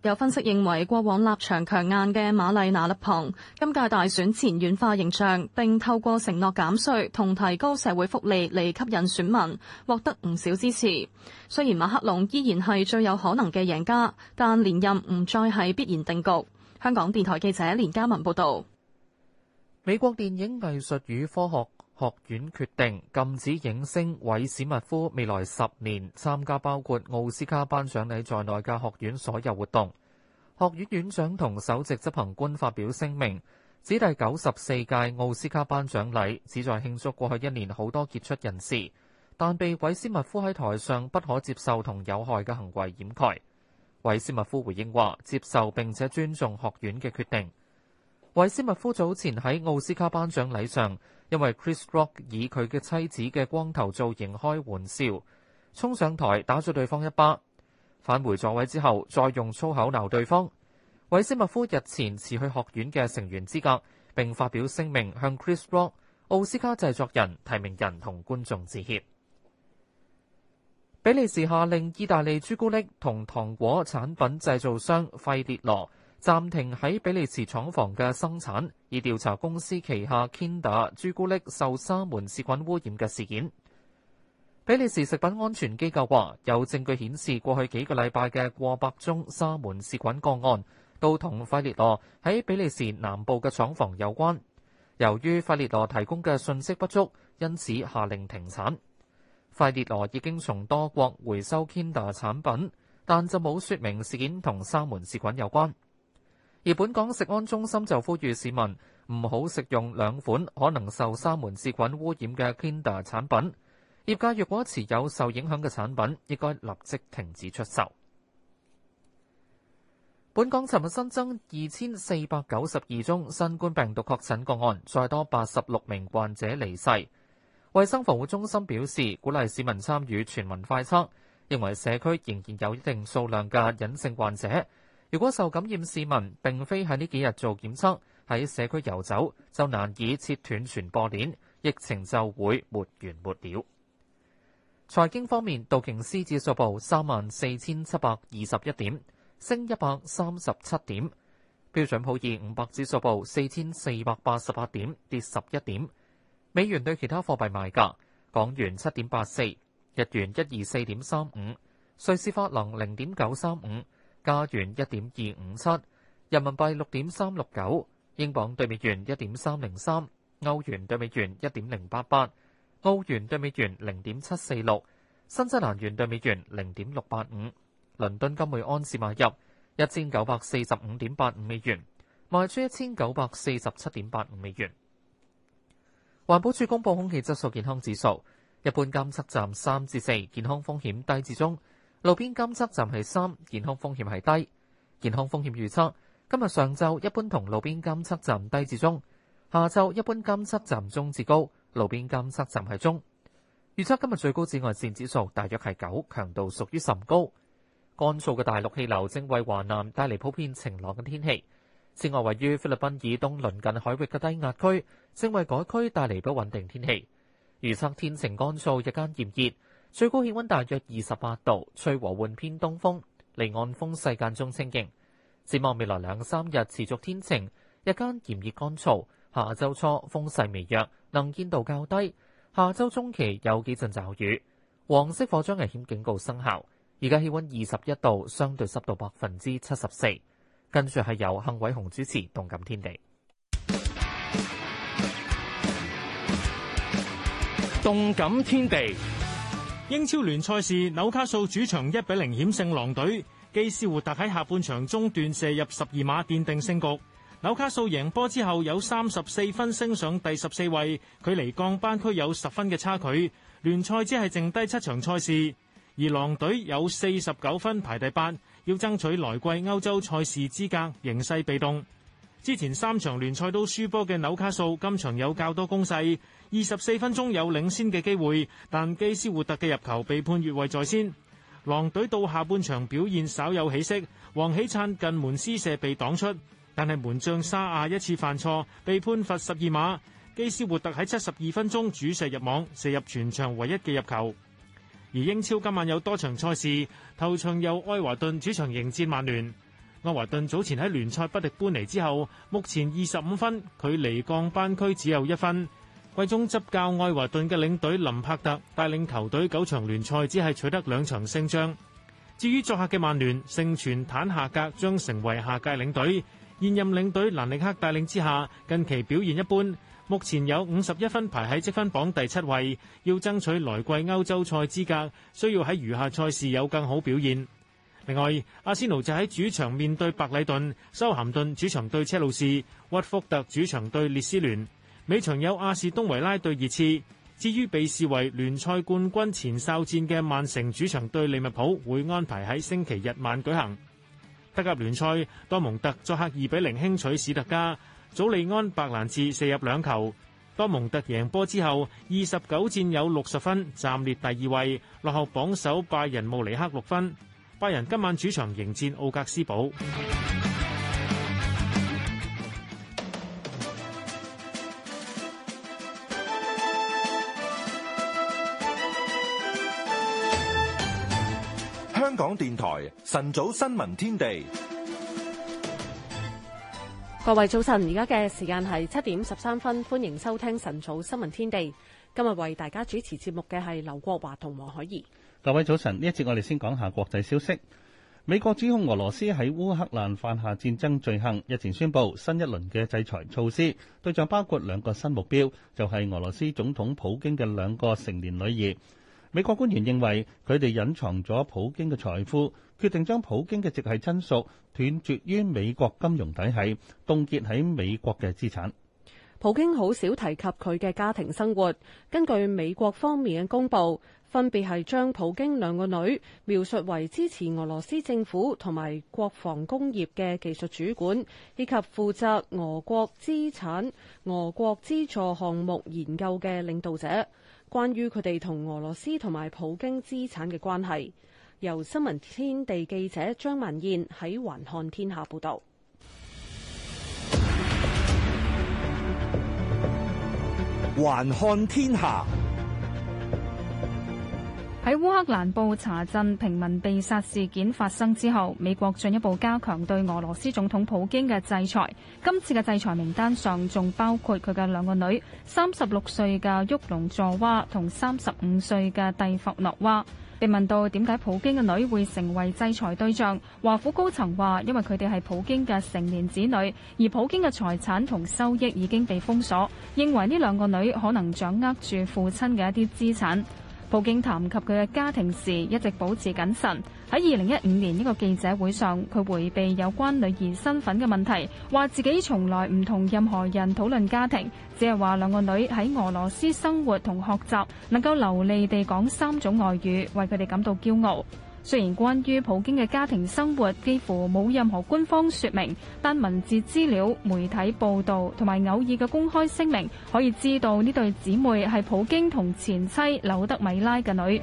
有分析認為，過往立場強硬嘅馬麗娜勒蓬，今屆大選前軟化形象，並透過承諾減稅同提高社會福利嚟吸引選民，獲得唔少支持。雖然馬克龍依然係最有可能嘅贏家，但連任唔再係必然定局。香港電台記者連嘉文報導。美國電影藝術與科學學院決定禁止影星韋史密夫未來十年參加包括奧斯卡頒獎禮在內嘅學院所有活動。學院院長同首席執行官發表聲明，指第九十四屆奧斯卡頒獎禮旨在慶祝過去一年好多傑出人士，但被韋史密夫喺台上不可接受同有害嘅行為掩蓋。韋史密夫回應話：接受並且尊重學院嘅決定。韋史密夫早前喺奧斯卡頒獎禮上。因為 Chris Rock 以佢嘅妻子嘅光頭造型開玩笑，衝上台打咗對方一巴。返回座位之後，再用粗口鬧對方。韋斯密夫日前辭去學院嘅成員資格，並發表聲明向 Chris Rock、奧斯卡製作人、提名人同觀眾致歉。比利時下令意大利朱古力同糖果產品製造商費列羅，暫停喺比利時廠房嘅生產，以調查公司旗下 Kinder 朱古力受沙門氏菌污染嘅事件。比利時食品安全機構話，有證據顯示過去幾個禮拜嘅過百宗沙門氏菌個案都同費列羅喺比利時南部嘅廠房有關。由於費列羅提供嘅信息不足，因此下令停產。費列羅已經從多國回收 Kinder 產品，但就冇說明事件同沙門氏菌有關。而本港食安中心就呼籲市民唔好食用兩款可能受沙門氏菌污染嘅 Kinder 產品。業界若果持有受影響嘅產品，應該立即停止出售。本港尋日新增二千四百九十二宗新冠病毒確診個案，再多八十六名患者離世。衛生防護中心表示，鼓勵市民參與全民快測，認為社區仍然有一定數量嘅隱性患者。如果受感染市民並非喺呢幾日做檢測，喺社區遊走，就難以切斷傳播鏈，疫情就會沒完沒了。財經方面，道瓊斯指數報三萬四千七百二十一點，升一百三十七點，標準普爾五百指數報四千四百八十八點，跌十一點，美元對其他貨幣賣價，港元七點八四，日元一二四點三五，瑞士法郎零點九三五。加元一點二五七，人民幣六點三六九，英鎊對美元一點三零三，歐元對美元一點零八八，澳元對美元零點七四六，新西蘭元對美元零點六八五，倫敦金每盎司買入一千九百四十五點八五美元，賣出一千九百四十七點八五美元。環保署公布空氣質素健康指數，一般監測站三至四，4，健康風險低至中。路邊監測站係三，健康風險係低。健康風險預測今日上晝一般同路邊監測站低至中，下晝一般監測站中至高，路邊監測站係中。預測今日最高紫外線指數大約係九，強度屬於甚高。乾燥嘅大陸氣流正為華南帶嚟普遍晴朗嘅天氣。此外，位於菲律賓以東鄰近海域嘅低壓區正為該區帶嚟不穩定天氣。預測天晴乾燥，日間炎熱。最高氣溫大約二十八度，吹和緩偏東風，離岸風勢間中清勁。展望未來兩三日持續天晴，日間炎熱乾燥。下周初風勢微弱，能見度較低。下周中期有幾陣驟雨。黃色火災危險警告生效。而家氣溫二十一度，相對濕度百分之七十四。跟住係由幸偉雄主持《動感天地》。《動感天地》。英超聯賽事紐卡素主場一比零險勝狼隊，基斯活特喺下半場中段射入十二碼奠定勝局。紐卡素贏波之後有三十四分升上第十四位，距離降班區有十分嘅差距。聯賽只係剩低七場賽事，而狼隊有四十九分排第八，要爭取來季歐洲賽事資格，形勢被動。之前三場聯賽都輸波嘅紐卡素，今場有較多攻勢，二十四分鐘有領先嘅機會，但基斯活特嘅入球被判越位在先。狼隊到下半場表現稍有起色，黃喜燦近門施射被擋出，但係門將沙亞一次犯錯被判罰十二碼。基斯活特喺七十二分鐘主射入網，射入全場唯一嘅入球。而英超今晚有多場賽事，頭場由愛華頓主場迎戰曼聯。愛華頓早前喺聯賽不敵般尼之後，目前二十五分，距離降班區只有一分。季中執教愛華頓嘅領隊林柏特帶領球隊九場聯賽只係取得兩場勝仗。至於作客嘅曼聯，勝全坦下格將成為下屆領隊。現任領隊蘭尼克帶領之下，近期表現一般，目前有五十一分排喺積分榜第七位，要爭取來季歐洲賽資格，需要喺餘下賽事有更好表現。另外，阿仙奴就喺主場面對白禮頓，修咸頓主場對車路士，屈福特主場對列斯聯。尾場有阿士東維拉對熱刺。至於被視為聯賽冠軍前哨戰嘅曼城主場對利物浦，會安排喺星期日晚舉行。德甲聯賽，多蒙特作客二比零輕取史特加，祖利安·白蘭治射入兩球。多蒙特贏波之後，二十九戰有六十分，暫列第二位，落後榜首拜仁慕尼黑六分。拜仁今晚主場迎戰奧格斯堡。香港電台晨早新聞天地，各位早晨，而家嘅時間係七點十三分，歡迎收聽晨早新聞天地。今日為大家主持節目嘅係劉國華同黃海怡。各位早晨，呢一節我哋先講下國際消息。美國指控俄羅斯喺烏克蘭犯下戰爭罪行，日前宣布新一輪嘅制裁措施，對象包括兩個新目標，就係俄羅斯總統普京嘅兩個成年女兒。美國官員認為佢哋隱藏咗普京嘅財富，決定將普京嘅直係親屬斷絕於美國金融體系，凍結喺美國嘅資產。普京好少提及佢嘅家庭生活，根據美國方面嘅公布。分別係將普京兩個女描述為支持俄羅斯政府同埋國防工業嘅技術主管，以及負責俄國資產、俄國資助項目研究嘅領導者。關於佢哋同俄羅斯同埋普京資產嘅關係，由新聞天地記者張文燕喺《環看天下》報導。環看天下。喺烏克蘭布查鎮平民被殺事件發生之後，美國進一步加強對俄羅斯總統普京嘅制裁。今次嘅制裁名單上仲包括佢嘅兩個女，三十六歲嘅沃龍佐娃同三十五歲嘅蒂弗諾娃。被問到點解普京嘅女會成為制裁對象，華府高層話，因為佢哋係普京嘅成年子女，而普京嘅財產同收益已經被封鎖，認為呢兩個女可能掌握住父親嘅一啲資產。普京談及佢嘅家庭時，一直保持謹慎。喺二零一五年呢個記者會上，佢迴避有關女兒身份嘅問題，話自己從來唔同任何人討論家庭，只係話兩個女喺俄羅斯生活同學習，能夠流利地講三種外語，為佢哋感到驕傲。雖然關於普京嘅家庭生活幾乎冇任何官方說明，但文字資料、媒體報導同埋偶爾嘅公開聲明可以知道，呢對姊妹係普京同前妻柳德米拉嘅女。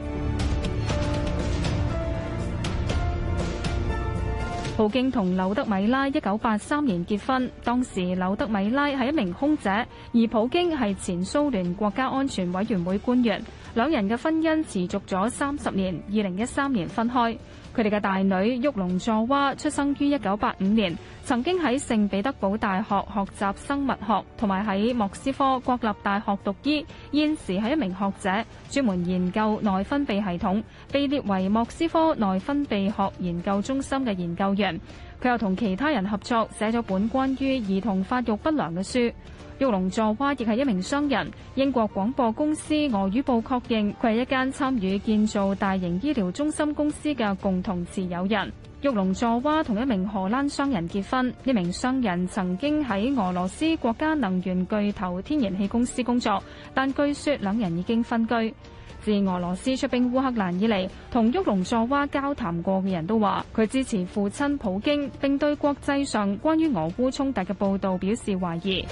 普京同柳德米拉一九八三年結婚，當時柳德米拉係一名空姐，而普京係前蘇聯國家安全委員會官員。兩人嘅婚姻持續咗三十年，二零一三年分開。佢哋嘅大女沃龍佐娃出生於一九八五年，曾經喺聖彼得堡大學學習生物學，同埋喺莫斯科國立大學讀醫。現時係一名學者，專門研究內分泌系統，被列為莫斯科內分泌學研究中心嘅研究員。佢又同其他人合作，寫咗本關於兒童發育不良嘅書。沃隆佐娃亦係一名商人。英國廣播公司俄語部確認佢係一間參與建造大型醫療中心公司嘅共同持有人。沃隆佐娃同一名荷蘭商人結婚，呢名商人曾經喺俄羅斯國家能源巨頭天然氣公司工作，但據說兩人已經分居。自俄羅斯出兵烏克蘭以嚟，同沃隆佐娃交談過嘅人都話，佢支持父親普京，並對國際上關於俄烏衝突嘅報道表示懷疑。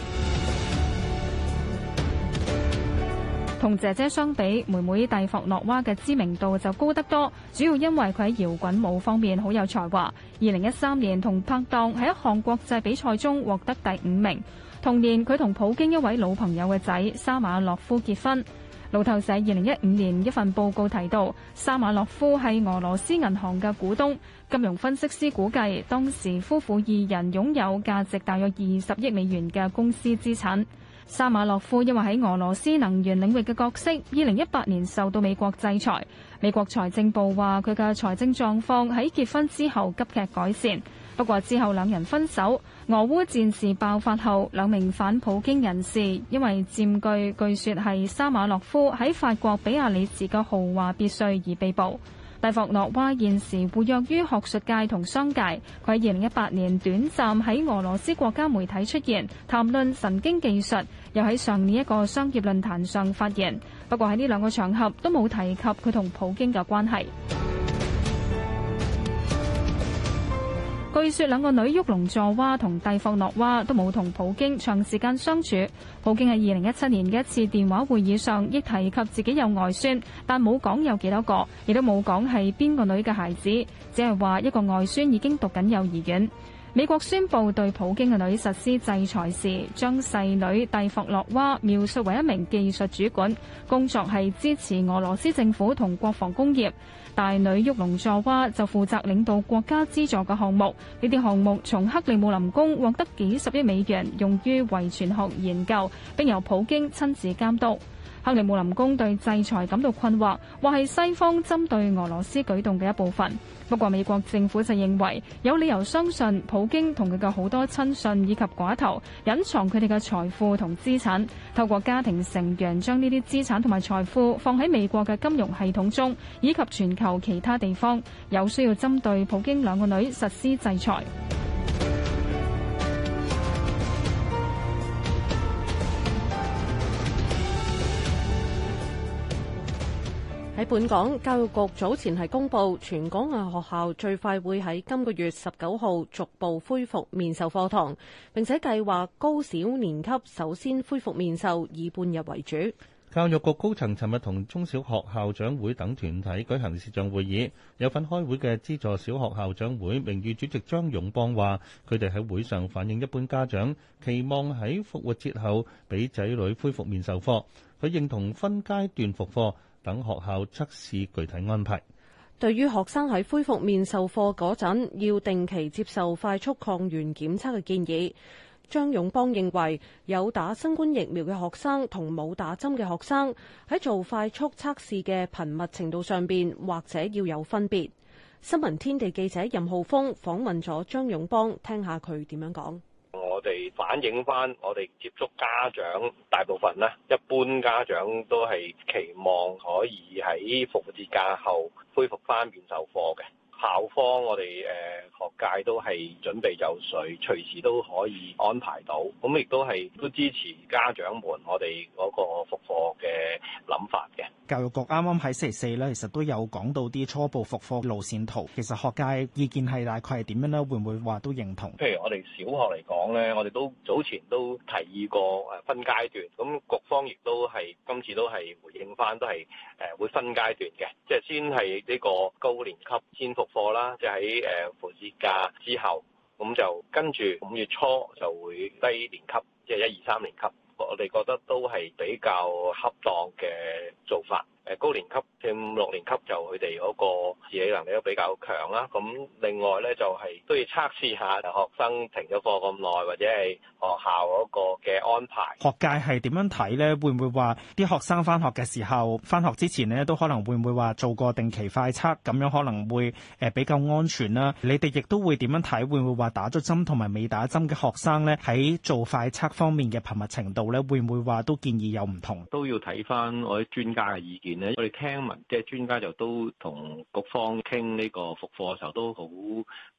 同姐姐相比，妹妹蒂霍洛娃嘅知名度就高得多，主要因為佢喺搖滾舞方面好有才華。二零一三年，同拍檔喺一項國際比賽中獲得第五名。同年，佢同普京一位老朋友嘅仔沙馬洛夫結婚。路透社二零一五年一份報告提到，沙馬洛夫係俄羅斯銀行嘅股東。金融分析師估計，當時夫婦二人擁有價值大約二十億美元嘅公司資產。沙馬洛夫因為喺俄羅斯能源領域嘅角色，二零一八年受到美國制裁。美國財政部話佢嘅財政狀況喺結婚之後急劇改善，不過之後兩人分手。俄烏戰事爆發後，兩名反普京人士因為佔據據說係沙馬洛夫喺法國比亞里茲嘅豪華別墅而被捕。戴霍諾娃現時活躍於學術界同商界。佢喺二零一八年短暫喺俄羅斯國家媒體出現，談論神經技術，又喺上年一個商業論壇上發言。不過喺呢兩個場合都冇提及佢同普京嘅關係。據說兩個女沃龍佐娃同蒂霍諾娃都冇同普京長時間相處。普京喺二零一七年嘅一次電話會議上，亦提及自己有外孫，但冇講有幾多個，亦都冇講係邊個女嘅孩子，只係話一個外孫已經讀緊幼稚園。美國宣布對普京嘅女實施制裁時，將細女蒂霍諾娃描述為一名技術主管，工作係支持俄羅斯政府同國防工業。大女沃隆佐娃就負責領導國家資助嘅項目，呢啲項目從克里姆林宮獲得幾十億美元，用於遺傳學研究，並由普京親自監督。克里姆林宮對制裁感到困惑，話係西方針對俄羅斯舉動嘅一部分。不過，美國政府就認為有理由相信普京同佢嘅好多親信以及寡頭隱藏佢哋嘅財富同資產，透過家庭成員將呢啲資產同埋財富放喺美國嘅金融系統中，以及全球其他地方，有需要針對普京兩個女實施制裁。喺本港，教育局早前係公布，全港嘅學校最快會喺今個月十九號逐步恢復面授課堂，並且計劃高小年級首先恢復面授，以半日為主。教育局高層尋日同中小學校長會等團體舉行視像會議，有份開會嘅資助小學校長會名譽主席張勇邦話，佢哋喺會上反映，一般家長期望喺復活節後俾仔女恢復面授課，佢認同分階段復課。等學校測試具體安排。對於學生喺恢復面授課嗰陣，要定期接受快速抗原檢測嘅建議，張勇邦認為有打新冠疫苗嘅學生同冇打針嘅學生，喺做快速測試嘅頻密程度上邊，或者要有分別。新聞天地記者任浩峰訪問咗張勇邦，聽下佢點樣講。我哋反映翻，我哋接觸家長大部分啦，一般家長都係期望可以喺復活節假後恢復翻面授課嘅。校方我哋誒、呃、學界都係準備就緒，隨時都可以安排到。咁、嗯、亦都係都支持家長們我哋嗰個復課嘅諗法嘅。教育局啱啱喺星期四咧,其實都有講到啲初步復課路線圖，其實學界意見係大概係點樣咧？會唔會話都認同？譬如我哋小學嚟講咧，我哋都早前都提議過誒分階段，咁局方亦都係今次都係回應翻，都係誒會分階段嘅，即係先係呢個高年級先復課啦，就喺誒復活假之後，咁就跟住五月初就會低年級，即係一二三年級。我哋覺得都係比較恰當嘅做法。誒高年級嘅五六年級就佢哋嗰個自理能力都比較強啦。咁另外咧就係、是、都要測試下學生停咗課咁耐，或者係學校嗰個嘅安排。學界係點樣睇咧？會唔會話啲學生翻學嘅時候，翻學之前咧都可能會唔會話做過定期快測？咁樣可能會誒比較安全啦。你哋亦都會點樣睇？會唔會話打咗針同埋未打針嘅學生咧喺做快測方面嘅頻密程度咧，會唔會話都建議有唔同？都要睇翻我啲專家嘅意見。我哋聽聞即係專家就都同局方傾呢個復課嘅時候都好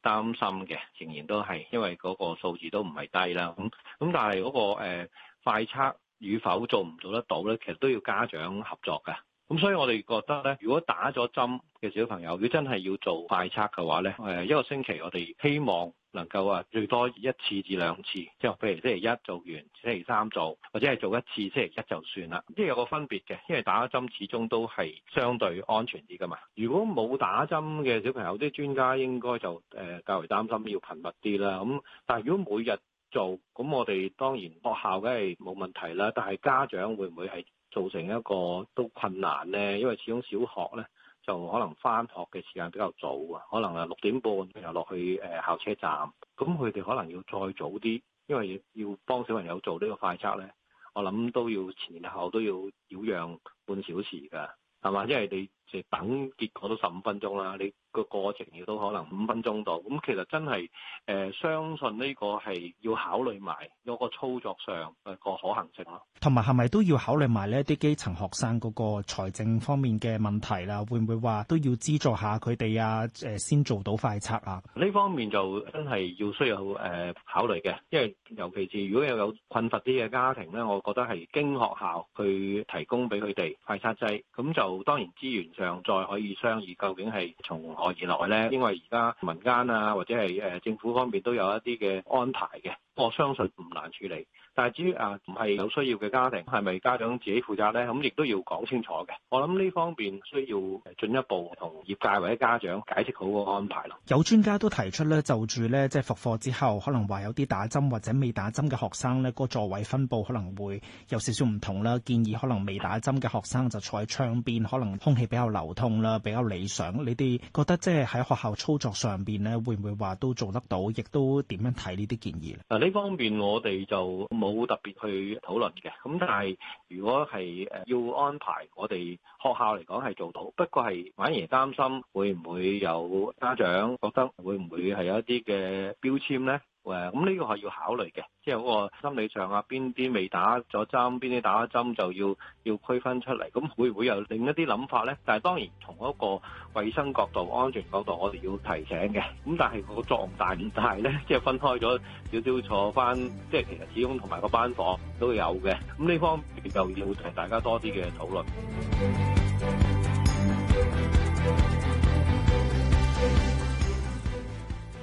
擔心嘅，仍然都係因為嗰個數字都唔係低啦。咁咁但係嗰、個、誒、快測與否做唔做得到咧，其實都要家長合作㗎。咁所以我哋覺得咧，如果打咗針嘅小朋友，如果真係要做快測嘅話咧，誒、呃、一個星期我哋希望，能夠啊，最多一次至兩次，即係譬如星期一做完，星期三做，或者係做一次，星期一就算啦。即係有個分別嘅，因為打針始終都係相對安全啲噶嘛。如果冇打針嘅小朋友，啲專家應該就誒、呃、較為擔心要頻密啲啦。咁但係如果每日做，咁我哋當然學校梗係冇問題啦。但係家長會唔會係造成一個都困難呢？因為始終小學呢。就可能翻學嘅時間比較早啊，可能啊六點半又落去誒校車站，咁佢哋可能要再早啲，因為要要幫小朋友做呢個快測咧，我諗都要前後都要擾攘半小時噶，係嘛？因為你。等結果都十五分鐘啦，你個過程亦都可能五分鐘度。咁其實真係誒、呃，相信呢個係要考慮埋嗰個操作上個可行性咯。同埋係咪都要考慮埋呢啲基層學生嗰個財政方面嘅問題啦？會唔會話都要資助下佢哋啊？誒、呃，先做到快測啊？呢方面就真係要需要誒、呃、考慮嘅，因為尤其是如果有困乏啲嘅家庭呢，我覺得係經學校去提供俾佢哋快測劑，咁就當然資源。再可以商議，究竟係從何而來呢？因為而家民間啊，或者係誒政府方面都有一啲嘅安排嘅，我相信唔難處理。但係至於啊，唔係有需要嘅家庭係咪家長自己負責呢？咁亦都要講清楚嘅。我諗呢方面需要進一步同業界或者家長解釋好個安排咯。有專家都提出咧，就住咧即係復課之後，可能話有啲打針或者未打針嘅學生呢，個座位分布可能會有少少唔同啦。建議可能未打針嘅學生就坐喺窗邊，可能空氣比較流通啦，比較理想。你哋覺得即係喺學校操作上面呢，會唔會話都做得到？亦都點樣睇呢啲建議咧？呢方面我哋就冇冇特別去討論嘅，咁但係如果係誒要安排，我哋學校嚟講係做到，不過係反而擔心會唔會有家長覺得會唔會係有一啲嘅標籤呢？誒，咁呢個係要考慮嘅，即係嗰個心理上啊，邊啲未打咗針，邊啲打咗針就要要區分出嚟。咁會唔會有另一啲諗法咧？但係當然，從一個衛生角度，安全角度，我哋要提醒嘅。咁但係個作用大唔大咧？即係分開咗少少坐翻，即係其實始終同埋個班火都有嘅。咁呢方面就要同大家多啲嘅討論。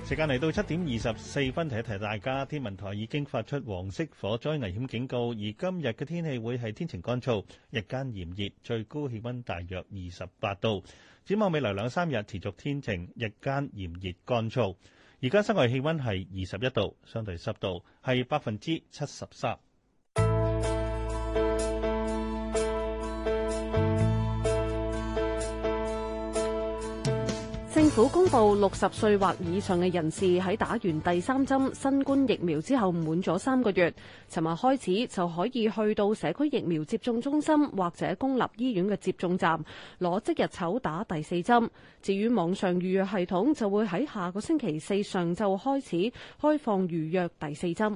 時間嚟到七點二十四分，提一提大家，天文台已經發出黃色火災危險警告，而今日嘅天氣會係天晴乾燥，日間炎熱，最高氣温大約二十八度。展望未來兩三日，持續天晴，日間炎熱乾燥。而家室外氣温係二十一度，相對濕度係百分之七十三。府公布，六十歲或以上嘅人士喺打完第三針新冠疫苗之後滿咗三個月，尋日開始就可以去到社區疫苗接種中心或者公立醫院嘅接種站攞即日籌打第四針。至於網上預約系統，就會喺下個星期四上晝開始開放預約第四針。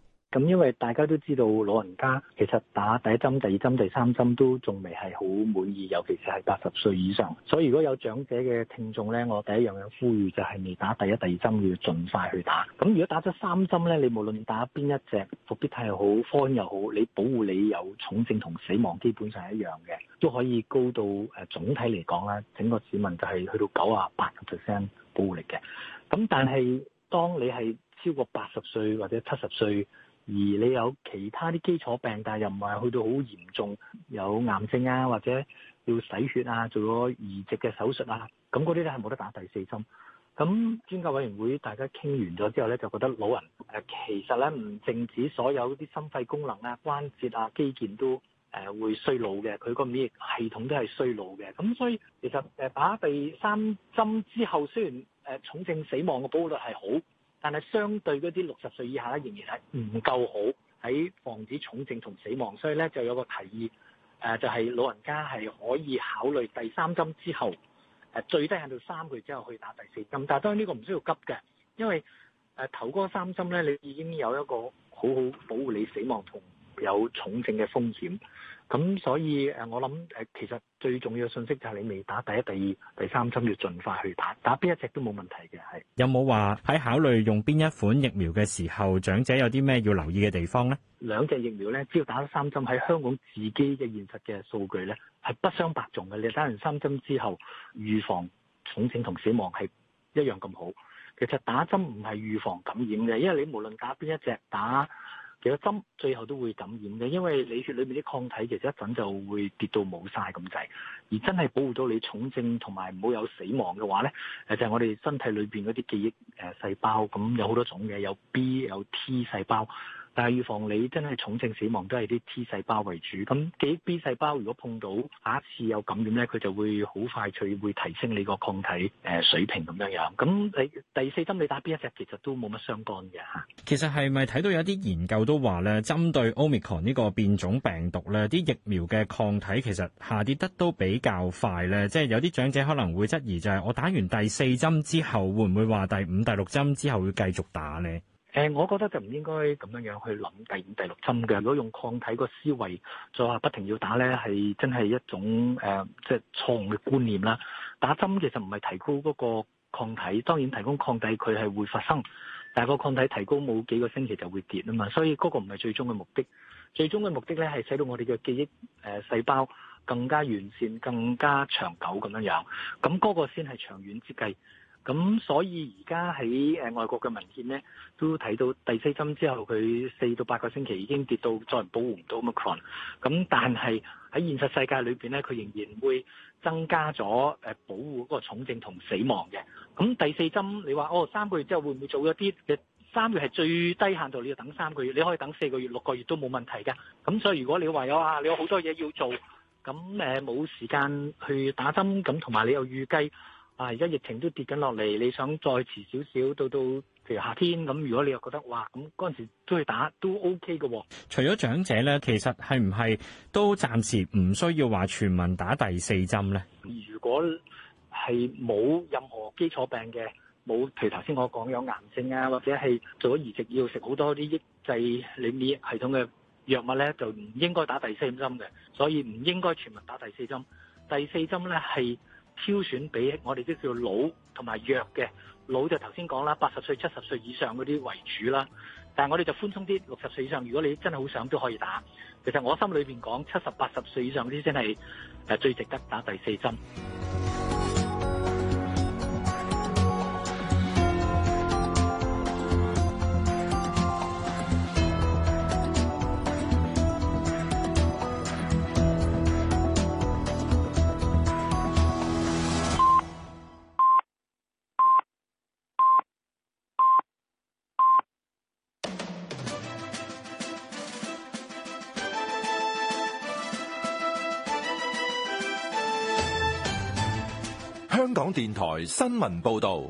咁因為大家都知道老人家其實打第一針、第二針、第三針都仲未係好滿意，尤其是係八十歲以上。所以如果有長者嘅聽眾咧，我第一樣嘅呼籲就係未打第一、第二針要盡快去打。咁如果打咗三針咧，你無論打邊一隻復必泰又好、科興又好，你保護你有重症同死亡基本上係一樣嘅，都可以高到誒，總體嚟講咧，整個市民就係去到九啊八 percent 保護力嘅。咁但係當你係超過八十歲或者七十歲。而你有其他啲基礎病，但係又唔係去到好嚴重，有癌症啊，或者要洗血啊，做咗移植嘅手術啊，咁嗰啲咧係冇得打第四針。咁專家委員會大家傾完咗之後咧，就覺得老人誒其實咧唔淨止所有啲心肺功能啊、關節啊、肌腱都誒會衰老嘅，佢個免疫系統都係衰老嘅。咁所以其實誒打第三針之後，雖然誒重症死亡嘅保護率係好。但係相對嗰啲六十歲以下咧，仍然係唔夠好喺防止重症同死亡，所以咧就有個提議，誒、呃、就係、是、老人家係可以考慮第三針之後，誒、呃、最低限度三個月之後去打第四針，但係當然呢個唔需要急嘅，因為誒、呃、頭嗰三針咧你已經有一個好好保護你死亡同有重症嘅風險。咁所以誒，我諗，誒，其實最重要嘅信息就係你未打第一、第二、第三針，要盡快去打。打邊一隻都冇問題嘅，係，有冇話，喺考慮用邊一款疫苗嘅時候，長者有啲咩要留意嘅地方咧？兩隻疫苗咧，只要打咗三針，喺香港自己嘅現實嘅數據咧，係不相伯仲嘅。你打完三針之後預防重症同死亡係一樣咁好。其實打針唔係預防感染嘅，因為你無論打邊一隻打。其實針最後都會感染嘅，因為你血裏面啲抗體其實一陣就會跌到冇晒咁滯，而真係保護到你重症同埋唔好有死亡嘅話咧，誒就係、是、我哋身體裏邊嗰啲記憶誒細胞，咁有好多種嘅，有 B 有 T 細胞。但係預防你真係重症死亡都係啲 T 細胞為主，咁幾 B 細胞如果碰到下一次有感染咧，佢就會好快脆會提升你個抗體誒水平咁樣樣。咁你第四針你打邊一隻，其實都冇乜相干嘅嚇。其實係咪睇到有啲研究都話咧，針對 Omicron 呢個變種病毒咧，啲疫苗嘅抗體其實下跌得都比較快咧。即係有啲長者可能會質疑就係，我打完第四針之後，會唔會話第五、第六針之後會繼續打咧？誒，我覺得就唔應該咁樣樣去諗第五、第六針嘅。如果用抗體個思維，再話不停要打呢，係真係一種誒，即、呃、係、係、錯誤嘅觀念啦。打針其實唔係提高嗰個抗體，當然提供抗體佢係會發生，但係個抗體提高冇幾個星期就會跌啊嘛。所以嗰個唔係最終嘅目的，最終嘅目的呢係使到我哋嘅記憶誒、呃、細胞更加完善、更加長久咁樣樣。咁嗰個先係長遠之計。咁所以而家喺誒外國嘅文件咧，都睇到第四針之後，佢四到八個星期已經跌到再保護唔到 Omicron。咁但係喺現實世界裏邊咧，佢仍然會增加咗誒保護嗰個重症同死亡嘅。咁第四針你話哦，三個月之後會唔會做一啲？誒三月係最低限度你要等三個月，你可以等四個月、六個月都冇問題㗎。咁所以如果你話有啊，你有好多嘢要做，咁誒冇時間去打針，咁同埋你又預計。啊！而家疫情都跌緊落嚟，你想再遲少少到到譬如夏天咁，如果你又覺得哇咁嗰陣時都去打都 OK 嘅喎、哦。除咗長者咧，其實係唔係都暫時唔需要話全民打第四針咧？如果係冇任何基礎病嘅，冇譬如頭先我講有癌症啊，或者係做咗移植要食好多啲抑制免疫系統嘅藥物咧，就唔應該打第四針嘅。所以唔應該全民打第四針。第四針咧係。挑選比我哋都叫老同埋弱嘅老就頭先講啦，八十歲七十歲以上嗰啲為主啦。但係我哋就寬鬆啲，六十歲以上如果你真係好想都可以打。其實我心裏邊講七十八十歲以上嗰啲先係誒最值得打第四針。台新聞報道，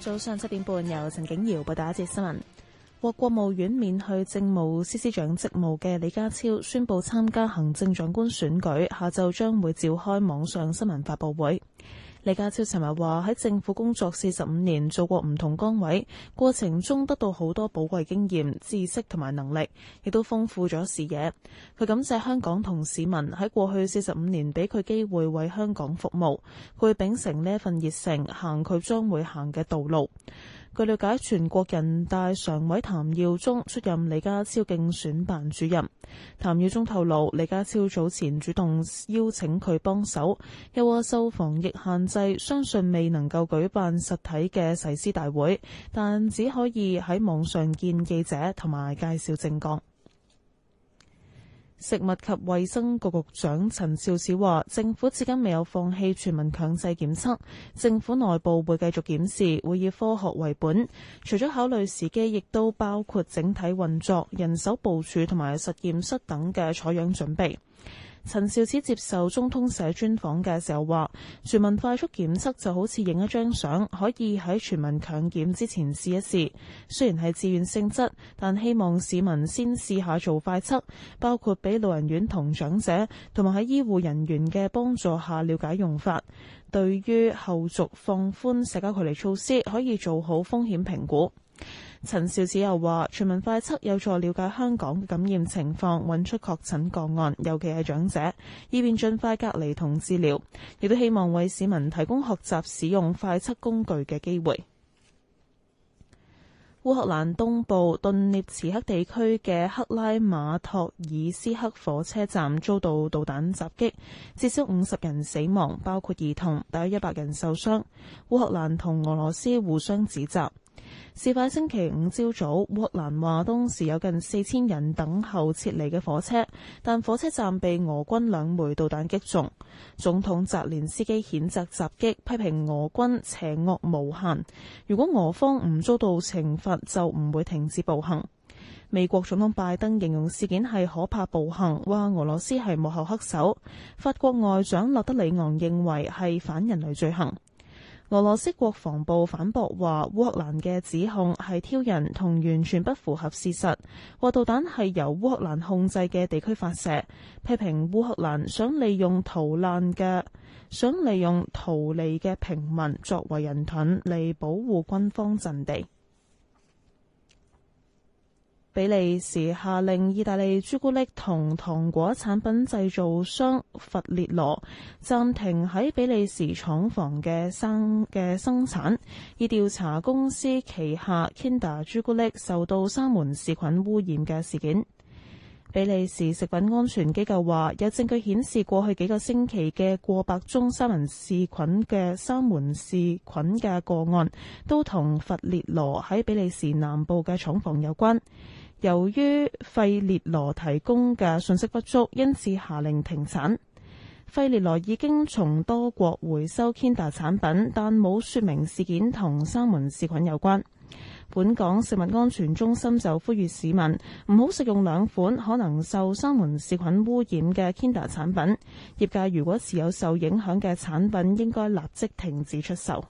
早上七點半由陳景堯報道一節新聞。獲國務院免去政務司司長職務嘅李家超宣布參加行政長官選舉，下晝將會召開網上新聞發佈會。李家超尋日話喺政府工作四十五年，做過唔同崗位，過程中得到好多寶貴經驗、知識同埋能力，亦都豐富咗視野。佢感謝香港同市民喺過去四十五年俾佢機會為香港服務，佢秉承呢一份熱誠，行佢將會行嘅道路。據了解，全國人大常委譚耀宗出任李家超競選辦主任。譚耀宗透露，李家超早前主動邀請佢幫手，又話受防疫限制，相信未能夠舉辦實體嘅誓師大會，但只可以喺網上見記者同埋介紹政綱。食物及衛生局局長陳肇始話，政府至今未有放棄全民強制檢測，政府內部會繼續檢視，會以科學為本，除咗考慮時機，亦都包括整體運作、人手部署同埋實驗室等嘅採樣準備。陳肇始接受中通社專訪嘅時候話：全民快速檢測就好似影一張相，可以喺全民強檢之前試一試。雖然係自願性質，但希望市民先試下做快測，包括俾老人院同長者，同埋喺醫護人員嘅幫助下了解用法。對於後續放寬社交距離措施，可以做好風險評估。陳肇始又話：全民快測有助了解香港感染情況，揾出確診個案，尤其係長者，以便盡快隔離同治療。亦都希望為市民提供學習使用快測工具嘅機會。烏克蘭東部頓涅茨克地區嘅克拉馬托爾斯克火車站遭到導彈襲擊，至少五十人死亡，包括兒童，大約一百人受傷。烏克蘭同俄羅斯互相指責。事發星期五朝早，烏克蘭話當時有近四千人等候撤離嘅火車，但火車站被俄軍兩枚導彈擊中。總統澤連斯基譴責襲擊，批評俄軍邪惡無限。如果俄方唔遭到懲罰，就唔會停止暴行。美國總統拜登形容事件係可怕暴行，話俄羅斯係幕後黑手。法國外長勒德里昂認為係反人類罪行。俄羅斯國防部反駁話，烏克蘭嘅指控係挑釁同完全不符合事實，話導彈係由烏克蘭控制嘅地區發射，批評烏克蘭想利用逃難嘅想利用逃離嘅平民作為人盾嚟保護軍方陣地。比利時下令意大利朱古力同糖果產品製造商佛列羅暫停喺比利時廠房嘅生嘅生產，以調查公司旗下 Kinder 朱古力受到三門氏菌污染嘅事件。比利時食品安全機構話，有證據顯示過去幾個星期嘅過百宗三門氏菌嘅三門氏菌嘅個案，都同佛列羅喺比利時南部嘅廠房有關。由於費列羅提供嘅信息不足，因此下令停產。費列羅已經從多國回收 Kinder 產品，但冇説明事件同沙門氏菌有關。本港食物安全中心就呼籲市民唔好食用兩款可能受沙門氏菌污染嘅 Kinder 產品。業界如果持有受影響嘅產品，應該立即停止出售。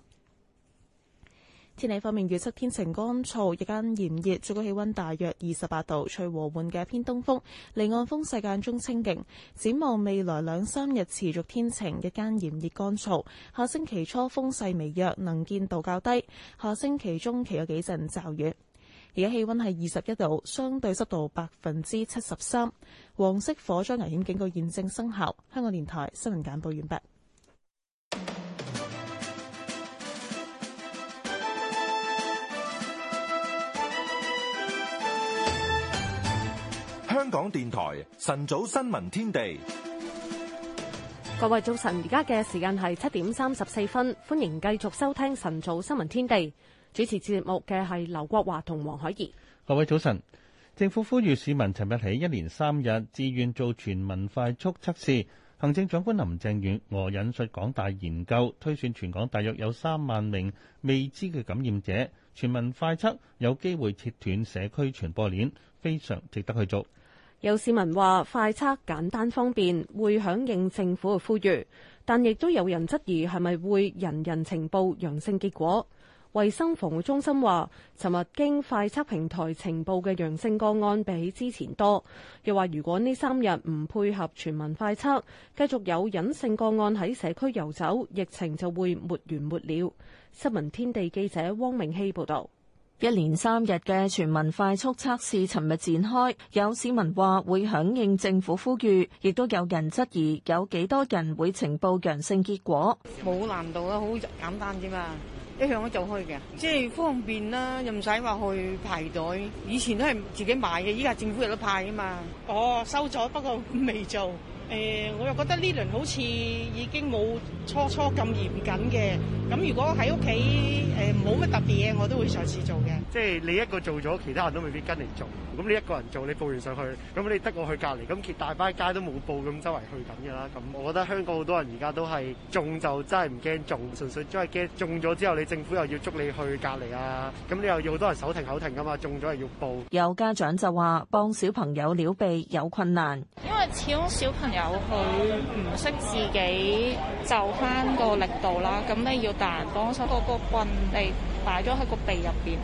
天氣方面預測天晴乾燥，日間炎熱，最高氣溫大約二十八度，吹和緩嘅偏東風，離岸風勢間中清勁。展望未來兩三日持續天晴，日間炎熱乾燥。下星期初風勢微弱，能見度較低。下星期中期有幾陣驟雨。而家氣溫係二十一度，相對濕度百分之七十三。黃色火災危險警告現正生效。香港電台新聞簡報完畢。香港電台晨早新聞天地，各位早晨，而家嘅時間係七點三十四分，歡迎繼續收聽晨早新聞天地。主持節目嘅係劉國華同黃海怡。各位早晨，政府呼籲市民尋日起一連三日自願做全民快速測試。行政長官林鄭月娥引述港大研究推算，全港大約有三萬名未知嘅感染者，全民快測有機會切斷社區傳播鏈，非常值得去做。有市民話快測簡單方便，會響應政府嘅呼籲，但亦都有人質疑係咪會人人呈報陽性結果。衞生防護中心話，尋日經快測平台呈報嘅陽性個案比起之前多，又話如果呢三日唔配合全民快測，繼續有隱性個案喺社區遊走，疫情就會沒完沒了。新聞天地記者汪明希報道。一連三日嘅全民快速測試，尋日展開。有市民話會響應政府呼籲，亦都有人質疑有幾多人會呈報陽性結果。冇難度啦，好簡單啫嘛，一向都做開嘅，即係方便啦，又唔使話去排隊。以前都係自己買嘅，依家政府有得派啊嘛。哦，收咗，不過未做。誒、呃，我又覺得呢輪好似已經冇初初咁嚴謹嘅。咁如果喺屋企誒冇乜特別嘢，我都會嘗試做嘅。即係你一個做咗，其他人都未必跟你做。咁你一個人做，你報完上去，咁你得我去隔離。咁其大把街都冇報，咁周圍去緊㗎啦。咁我覺得香港好多人而家都係中就真係唔驚中，純粹真係驚中咗之後，你政府又要捉你去隔離啊。咁你又要好多人手停口停㗎嘛，中咗係要報。有家長就話幫小朋友撩鼻有困難，因為始終小朋友。有佢唔識自己就翻個力度啦，咁你要大人幫手。嗰個棍你擺咗喺個鼻入邊，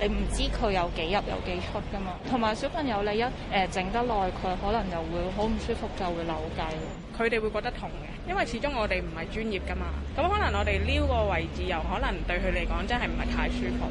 你唔知佢有幾入有幾出㗎嘛。同埋小朋友，你一誒整得耐，佢可能又會好唔舒服，就會扭計。佢哋會覺得痛嘅，因為始終我哋唔係專業㗎嘛。咁可能我哋撩個位置，又可能對佢嚟講真係唔係太舒服。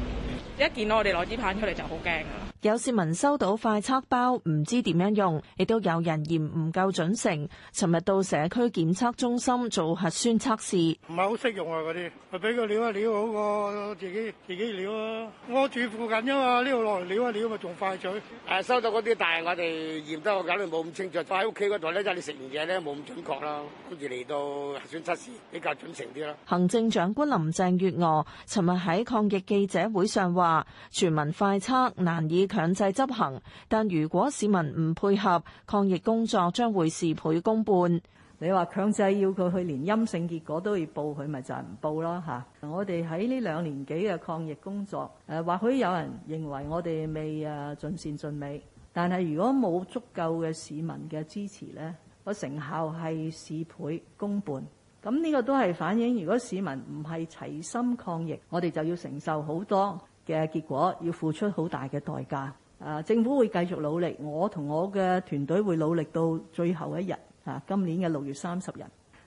一見到我哋攞支棒出嚟就好驚。有市民收到快測包，唔知點樣用，亦都有人嫌唔夠準成。尋日到社區檢測中心做核酸測試，唔係好識用啊嗰啲，咪俾個料啊料好過、啊、自己自己料咯、啊。我住附近啫嘛，呢度落嚟料啊料咪仲快水誒，收到嗰啲，但係我哋驗得我搞到冇咁清楚。翻屋企嗰度咧，就係你食完嘢咧冇咁準確啦。跟住嚟到核酸測試比較準成啲咯。行政長官林鄭月娥尋日喺抗疫記者會上話。話全民快測難以強制執行，但如果市民唔配合，抗疫工作將會事倍功半。你話強制要佢去連陰性結果都要報，佢咪就係唔報咯吓。我哋喺呢兩年幾嘅抗疫工作誒，或許有人認為我哋未誒盡善盡美，但係如果冇足夠嘅市民嘅支持，呢個成效係事倍功半。咁呢個都係反映，如果市民唔係齊心抗疫，我哋就要承受好多。嘅結果要付出好大嘅代價，啊，政府會繼續努力，我同我嘅團隊會努力到最後一日，啊，今年嘅六月三十日，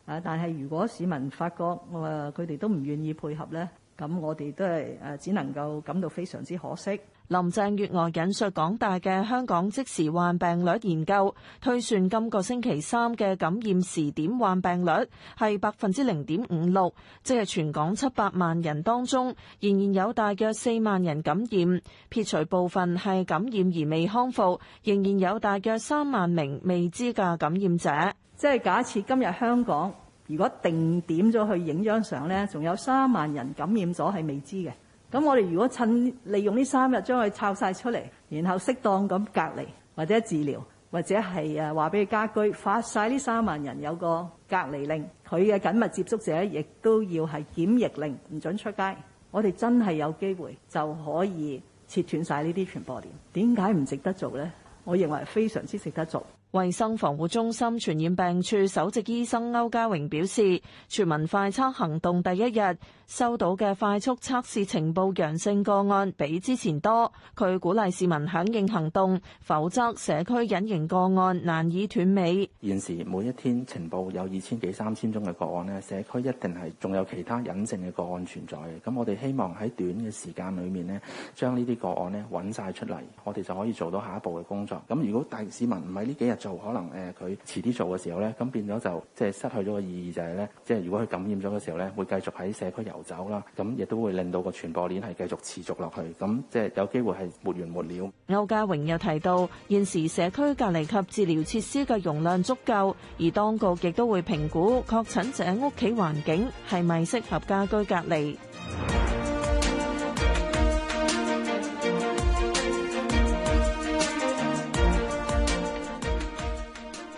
啊，但係如果市民發覺我佢哋都唔願意配合呢，咁我哋都係誒、啊、只能夠感到非常之可惜。林鄭月娥引述港大嘅香港即時患病率研究，推算今個星期三嘅感染時點患病率係百分之零點五六，即係全港七百萬人當中，仍然有大約四萬人感染，撇除部分係感染而未康復，仍然有大約三萬名未知嘅感染者。即係假設今日香港如果定點咗去影張相咧，仲有三萬人感染咗係未知嘅。咁我哋如果趁利用呢三日將佢抄晒出嚟，然後適當咁隔離或者治療，或者係啊話俾佢家居發晒呢三萬人有個隔離令，佢嘅緊密接觸者亦都要係檢疫令，唔准出街。我哋真係有機會就可以切斷晒呢啲傳播鏈。點解唔值得做呢？我認為非常之值得做。衞生防護中心傳染病處首席醫生歐家榮表示，全民快測行動第一日。收到嘅快速測試情報陽性個案比之前多，佢鼓勵市民響應行動，否則社區隱形個案難以斷尾。現時每一天情報有二千幾三千宗嘅個案咧，社區一定係仲有其他隱性嘅個案存在嘅。咁我哋希望喺短嘅時間裏面咧，將呢啲個案咧揾晒出嚟，我哋就可以做到下一步嘅工作。咁如果大市民唔喺呢幾日做，可能誒佢遲啲做嘅時候咧，咁變咗就即係失去咗個意義、就係，就係咧，即係如果佢感染咗嘅時候咧，會繼續喺社區遊。走啦，咁亦都會令到個傳播鏈係繼續持續落去，咁即係有機會係沒完沒了。歐家榮又提到，現時社區隔離及治療設施嘅容量足夠，而當局亦都會評估確診者屋企環境係咪適合家居隔離。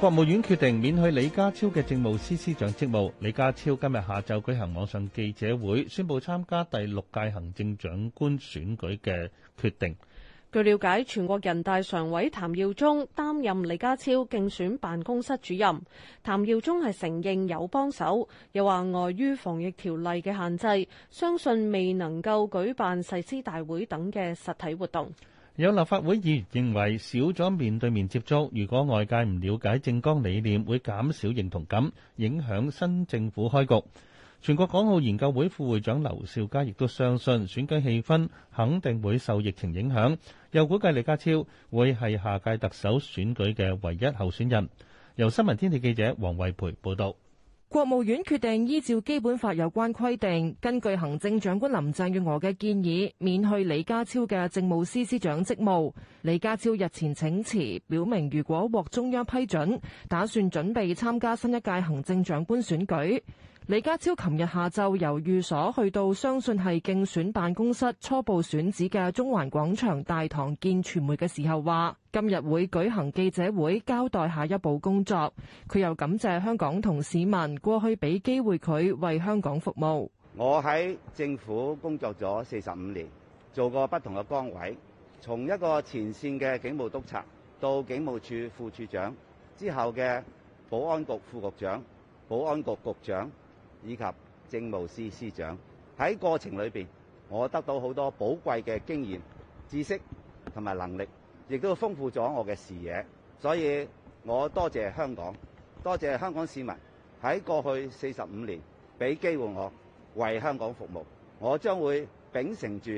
國務院決定免去李家超嘅政務司司長職務。李家超今日下晝舉行網上記者會，宣布參加第六屆行政長官選舉嘅決定。據了解，全國人大常委譚耀宗擔任李家超競選辦公室主任。譚耀宗係承認有幫手，又話礙於防疫條例嘅限制，相信未能夠舉辦誓師大會等嘅實體活動。有立法會議員認為少咗面對面接觸，如果外界唔了解政綱理念，會減少認同感，影響新政府開局。全國港澳研究會副會長劉兆佳亦都相信選舉氣氛肯定會受疫情影響，又估計李家超會係下屆特首選舉嘅唯一候選人。由新聞天地記者黃惠培報導。國務院決定依照基本法有關規定，根據行政長官林鄭月娥嘅建議，免去李家超嘅政務司司長職務。李家超日前請辭，表明如果獲中央批准，打算準備參加新一屆行政長官選舉。李家超琴日下晝由寓所去到相信係競選辦公室初步選址嘅中環廣場大堂見傳媒嘅時候，話今日會舉行記者會交代下一步工作。佢又感謝香港同市民過去俾機會佢為香港服務。我喺政府工作咗四十五年，做過不同嘅崗位，從一個前綫嘅警務督察到警務處副處長，之後嘅保安局副局長、保安局局長。以及政務司司長，喺過程裏邊，我得到好多寶貴嘅經驗、知識同埋能力，亦都豐富咗我嘅視野。所以，我多謝香港，多謝香港市民喺過去四十五年俾機會我為香港服務，我將會秉承住呢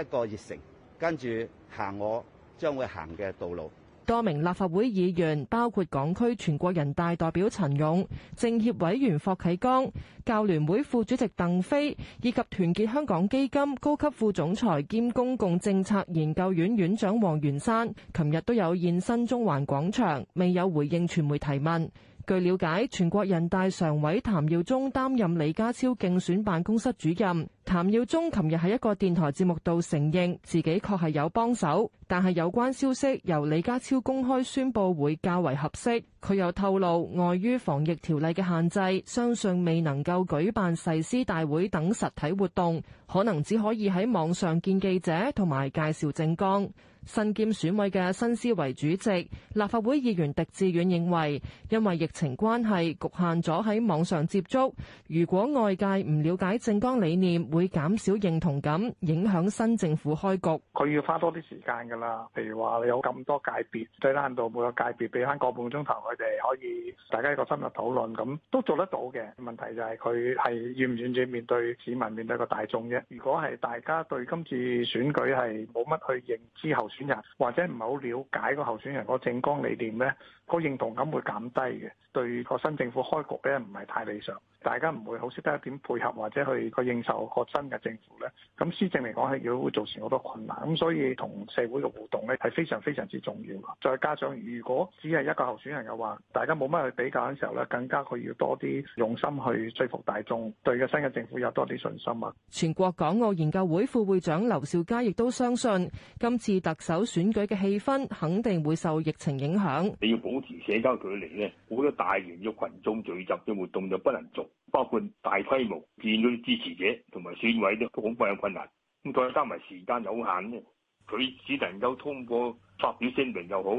一個熱誠，跟住行我將會行嘅道路。多名立法會議員，包括港區全國人大代表陳勇、政協委員霍啟剛、教聯會副主席鄧飛，以及團結香港基金高級副總裁兼公共政策研究院院長黃元山，琴日都有現身中環廣場，未有回應傳媒提問。據了解，全國人大常委譚耀宗擔任李家超競選辦公室主任。譚耀宗琴日喺一個電台節目度承認，自己確係有幫手，但係有關消息由李家超公開宣佈會較為合適。佢又透露，礙於防疫條例嘅限制，相信未能夠舉辦誓師大會等實體活動，可能只可以喺網上見記者同埋介紹政綱。新兼選委嘅新思維主席立法會議員狄志遠認為，因為疫情關係局限咗喺網上接觸，如果外界唔了解政綱理念，會減少認同感，影響新政府開局。佢要花多啲時間㗎啦，譬如話你有咁多界別，最難到每個界別俾翻個半鐘頭，佢哋可以大家一個深入討論，咁都做得到嘅。問題就係佢係願唔願意面對市民，面對個大眾啫。如果係大家對今次選舉係冇乜去認知後，選擇或者唔係好了解個候選人個政綱理念咧，個認同感會減低嘅，對個新政府開局咧唔係太理想。大家唔會好識得點配合或者去去應受個新嘅政府咧，咁施政嚟講係要會造成好多困難，咁所以同社會嘅互動咧係非常非常之重要。再加上如果只係一個候選人嘅話，大家冇乜去比較嘅時候咧，更加佢要多啲用心去說服大眾對嘅新嘅政府有多啲信心啊！全國港澳研究會副會長劉兆佳亦都相信，今次特首選舉嘅氣氛肯定會受疫情影響，你要保持社交距離咧，好多大型嘅群眾聚集嘅活動就不能做。包括大規模見到啲支持者同埋選委都好快有困難。咁再加埋時間有限咧，佢只能夠通過發表聲明又好，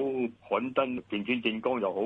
刊登競選政綱又好，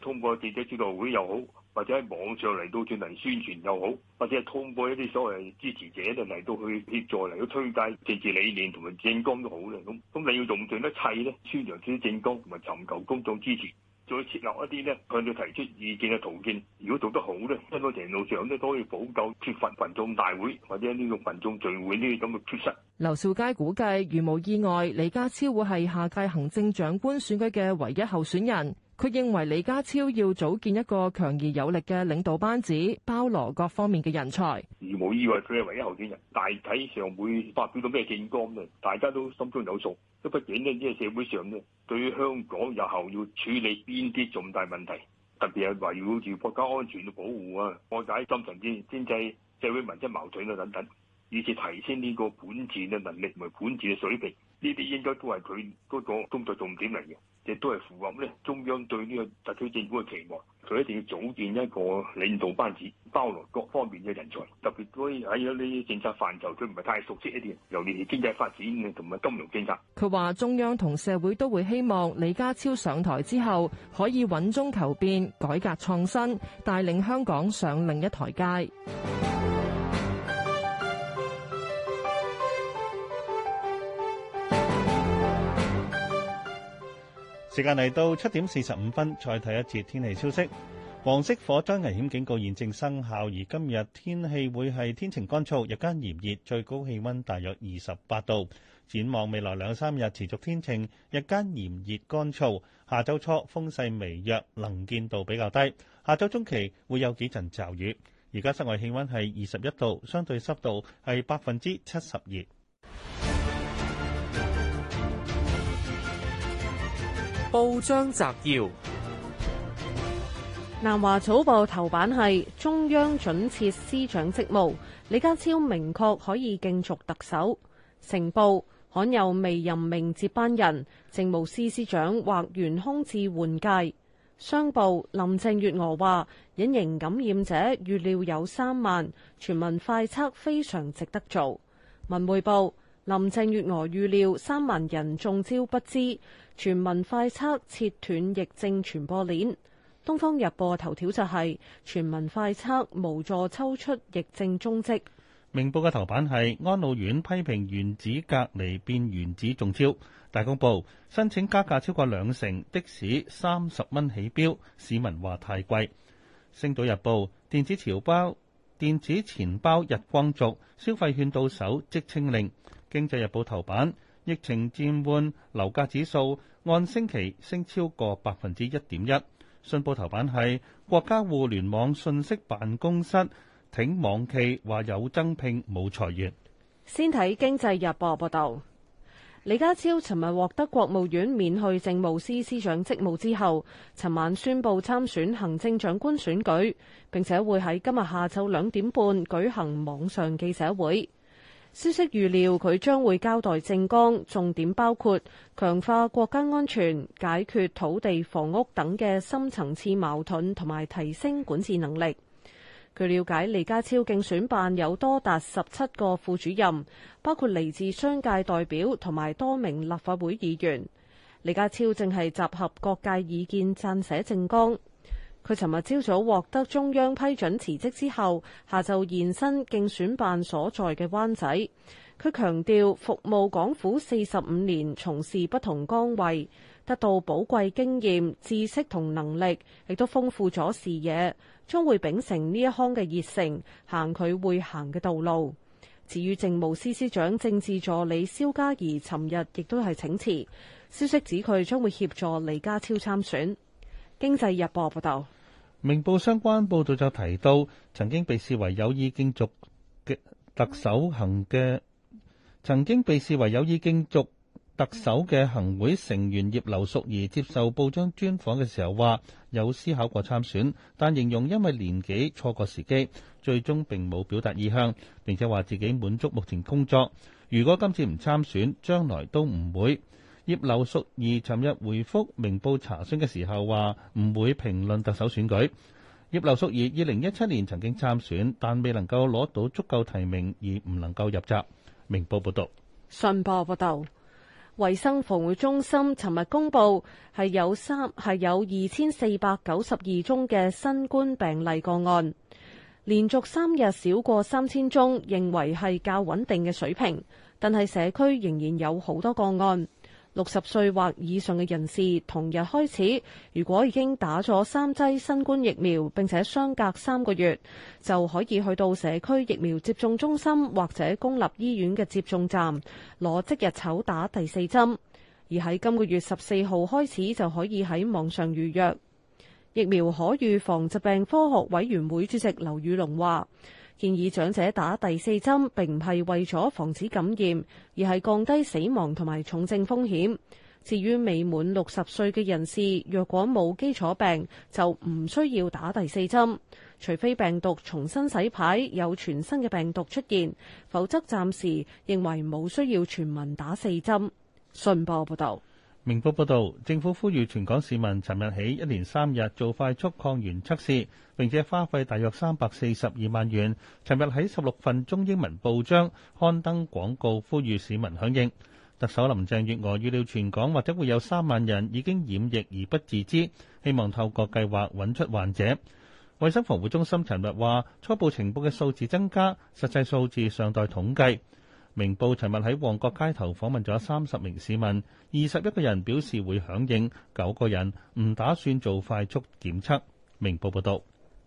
通過記者招待會又好，或者喺網上嚟到進行宣傳又好，或者係通過一啲所謂支持者咧嚟到去協助嚟到推介政治理念同埋政綱都好咧。咁咁你要用盡一切咧，宣揚自己政綱同埋尋求公眾支持。再設立一啲呢，向佢提出意見嘅途徑。如果做得好呢，一定程度上呢，都可以補救缺乏羣眾大會或者呢種羣眾聚會呢啲咁嘅缺失。劉少佳估計，如無意外，李家超會係下屆行政長官選舉嘅唯一候選人。佢認為李家超要組建一個強而有力嘅領導班子，包羅各方面嘅人才。而冇意外，佢係唯一候選人。大體上會發表到咩政綱呢？大家都心中有數。咁畢竟呢，即係社會上呢，對於香港日後要處理邊啲重大問題，特別係圍繞住國家安全嘅保護啊、破解深層次經濟、社會、民族矛盾啊等等，以至提升呢個管治嘅能力同埋管治嘅水平。呢啲應該都係佢嗰個工作重點嚟嘅，亦都係符合咧中央對呢個特區政府嘅期望。佢一定要組建一個領導班子，包羅各方面嘅人才，特別喺呢啲政策範疇，佢唔係太熟悉一啲，尤其是經濟發展同埋金融政策。佢話：中央同社會都會希望李家超上台之後，可以穩中求變，改革創新，帶領香港上另一台階。時間嚟到七點四十五分，再睇一次天氣消息。黃色火災危險警告現正生效，而今日天氣會係天晴乾燥，日間炎熱，最高氣温大約二十八度。展望未來兩三日持續天晴，日間炎熱乾燥。下周初風勢微弱，能見度比較低。下周中期會有幾陣驟雨。而家室外氣温係二十一度，相對濕度係百分之七十二。報章摘要：南華早報頭版係中央准設司長職務，李家超明確可以競逐特首。成報罕有未任命接班人，政務司司長或懸空至換屆。商報林鄭月娥話隱形感染者預料有三萬，全民快測非常值得做。文匯報。林鄭月娥預料三萬人中招不知全民快測切斷疫症傳播鏈。《東方日報》頭條就係、是、全民快測無助抽出疫症蹤跡。《明報》嘅頭版係安老院批評原子隔離變原子中招。《大公報》申請加價格超過兩成的士三十蚊起標，市民話太貴。《星島日報》電子潮包電子錢包日光族消費券到手即清零。《經濟日報》頭版，疫情漸緩，樓價指數，按星期升超過百分之一點一。信報頭版係國家互聯網信息辦公室挺網企話有增聘冇裁員。先睇《經濟日報》報道：李家超尋日獲得國務院免去政務司司長職務之後，尋晚宣布參選行政長官選舉，並且會喺今日下晝兩點半舉行網上記者會。消息預料佢將會交代政綱，重點包括強化國家安全、解決土地、房屋等嘅深層次矛盾，同埋提升管治能力。據了解，李家超競選辦有多達十七個副主任，包括嚟自商界代表同埋多名立法會議員。李家超正係集合各界意見，撰寫政綱。佢尋日朝早獲得中央批准辭職之後，下晝現身競選辦所在嘅灣仔。佢強調服務港府四十五年，從事不同崗位，得到寶貴經驗、知識同能力，亦都豐富咗視野，將會秉承呢一腔嘅熱誠，行佢會行嘅道路。至於政務司司長政治助理蕭家怡，尋日亦都係請辭。消息指佢將會協助李家超參選。經濟日報報道。明報相關報導就提到，曾經被視為有意競逐嘅特首行嘅，曾經被視為有意競逐特首嘅行會成員葉劉淑儀接受報章專訪嘅時候話，有思考過參選，但形容因為年紀錯過時機，最終並冇表達意向。並且話自己滿足目前工作，如果今次唔參選，將來都唔會。葉劉淑儀尋日回復明報查詢嘅時候話唔會評論特首選舉。葉劉淑儀二零一七年曾經參選，但未能夠攞到足夠提名而唔能夠入閘。明報報道，信報報道，衛生防護中心尋日公布係有三係有二千四百九十二宗嘅新冠病例個案，連續三日少過三千宗，認為係較穩定嘅水平，但係社區仍然有好多個案。六十歲或以上嘅人士，同日開始，如果已經打咗三劑新冠疫苗，並且相隔三個月，就可以去到社區疫苗接種中心或者公立醫院嘅接種站攞即日籌打第四針。而喺今個月十四號開始，就可以喺網上預約。疫苗可預防疾病科學委員會主席劉宇隆話。建議長者打第四針並唔係為咗防止感染，而係降低死亡同埋重症風險。至於未滿六十歲嘅人士，若果冇基礎病，就唔需要打第四針。除非病毒重新洗牌，有全新嘅病毒出現，否則暫時認為冇需要全民打四針。信報報道。明報報道，政府呼籲全港市民尋日起一連三日做快速抗原測試，並且花費大約三百四十二萬元。尋日喺十六份中英文報章刊登廣告，呼籲市民響應。特首林鄭月娥預料全港或者會有三萬人已經染疫而不自知，希望透過計劃揾出患者。衛生防護中心尋日話，初步情報嘅數字增加，實際數字尚待統計。明報尋日喺旺角街頭訪問咗三十名市民，二十一個人表示會響應，九個人唔打算做快速檢測。明報報道，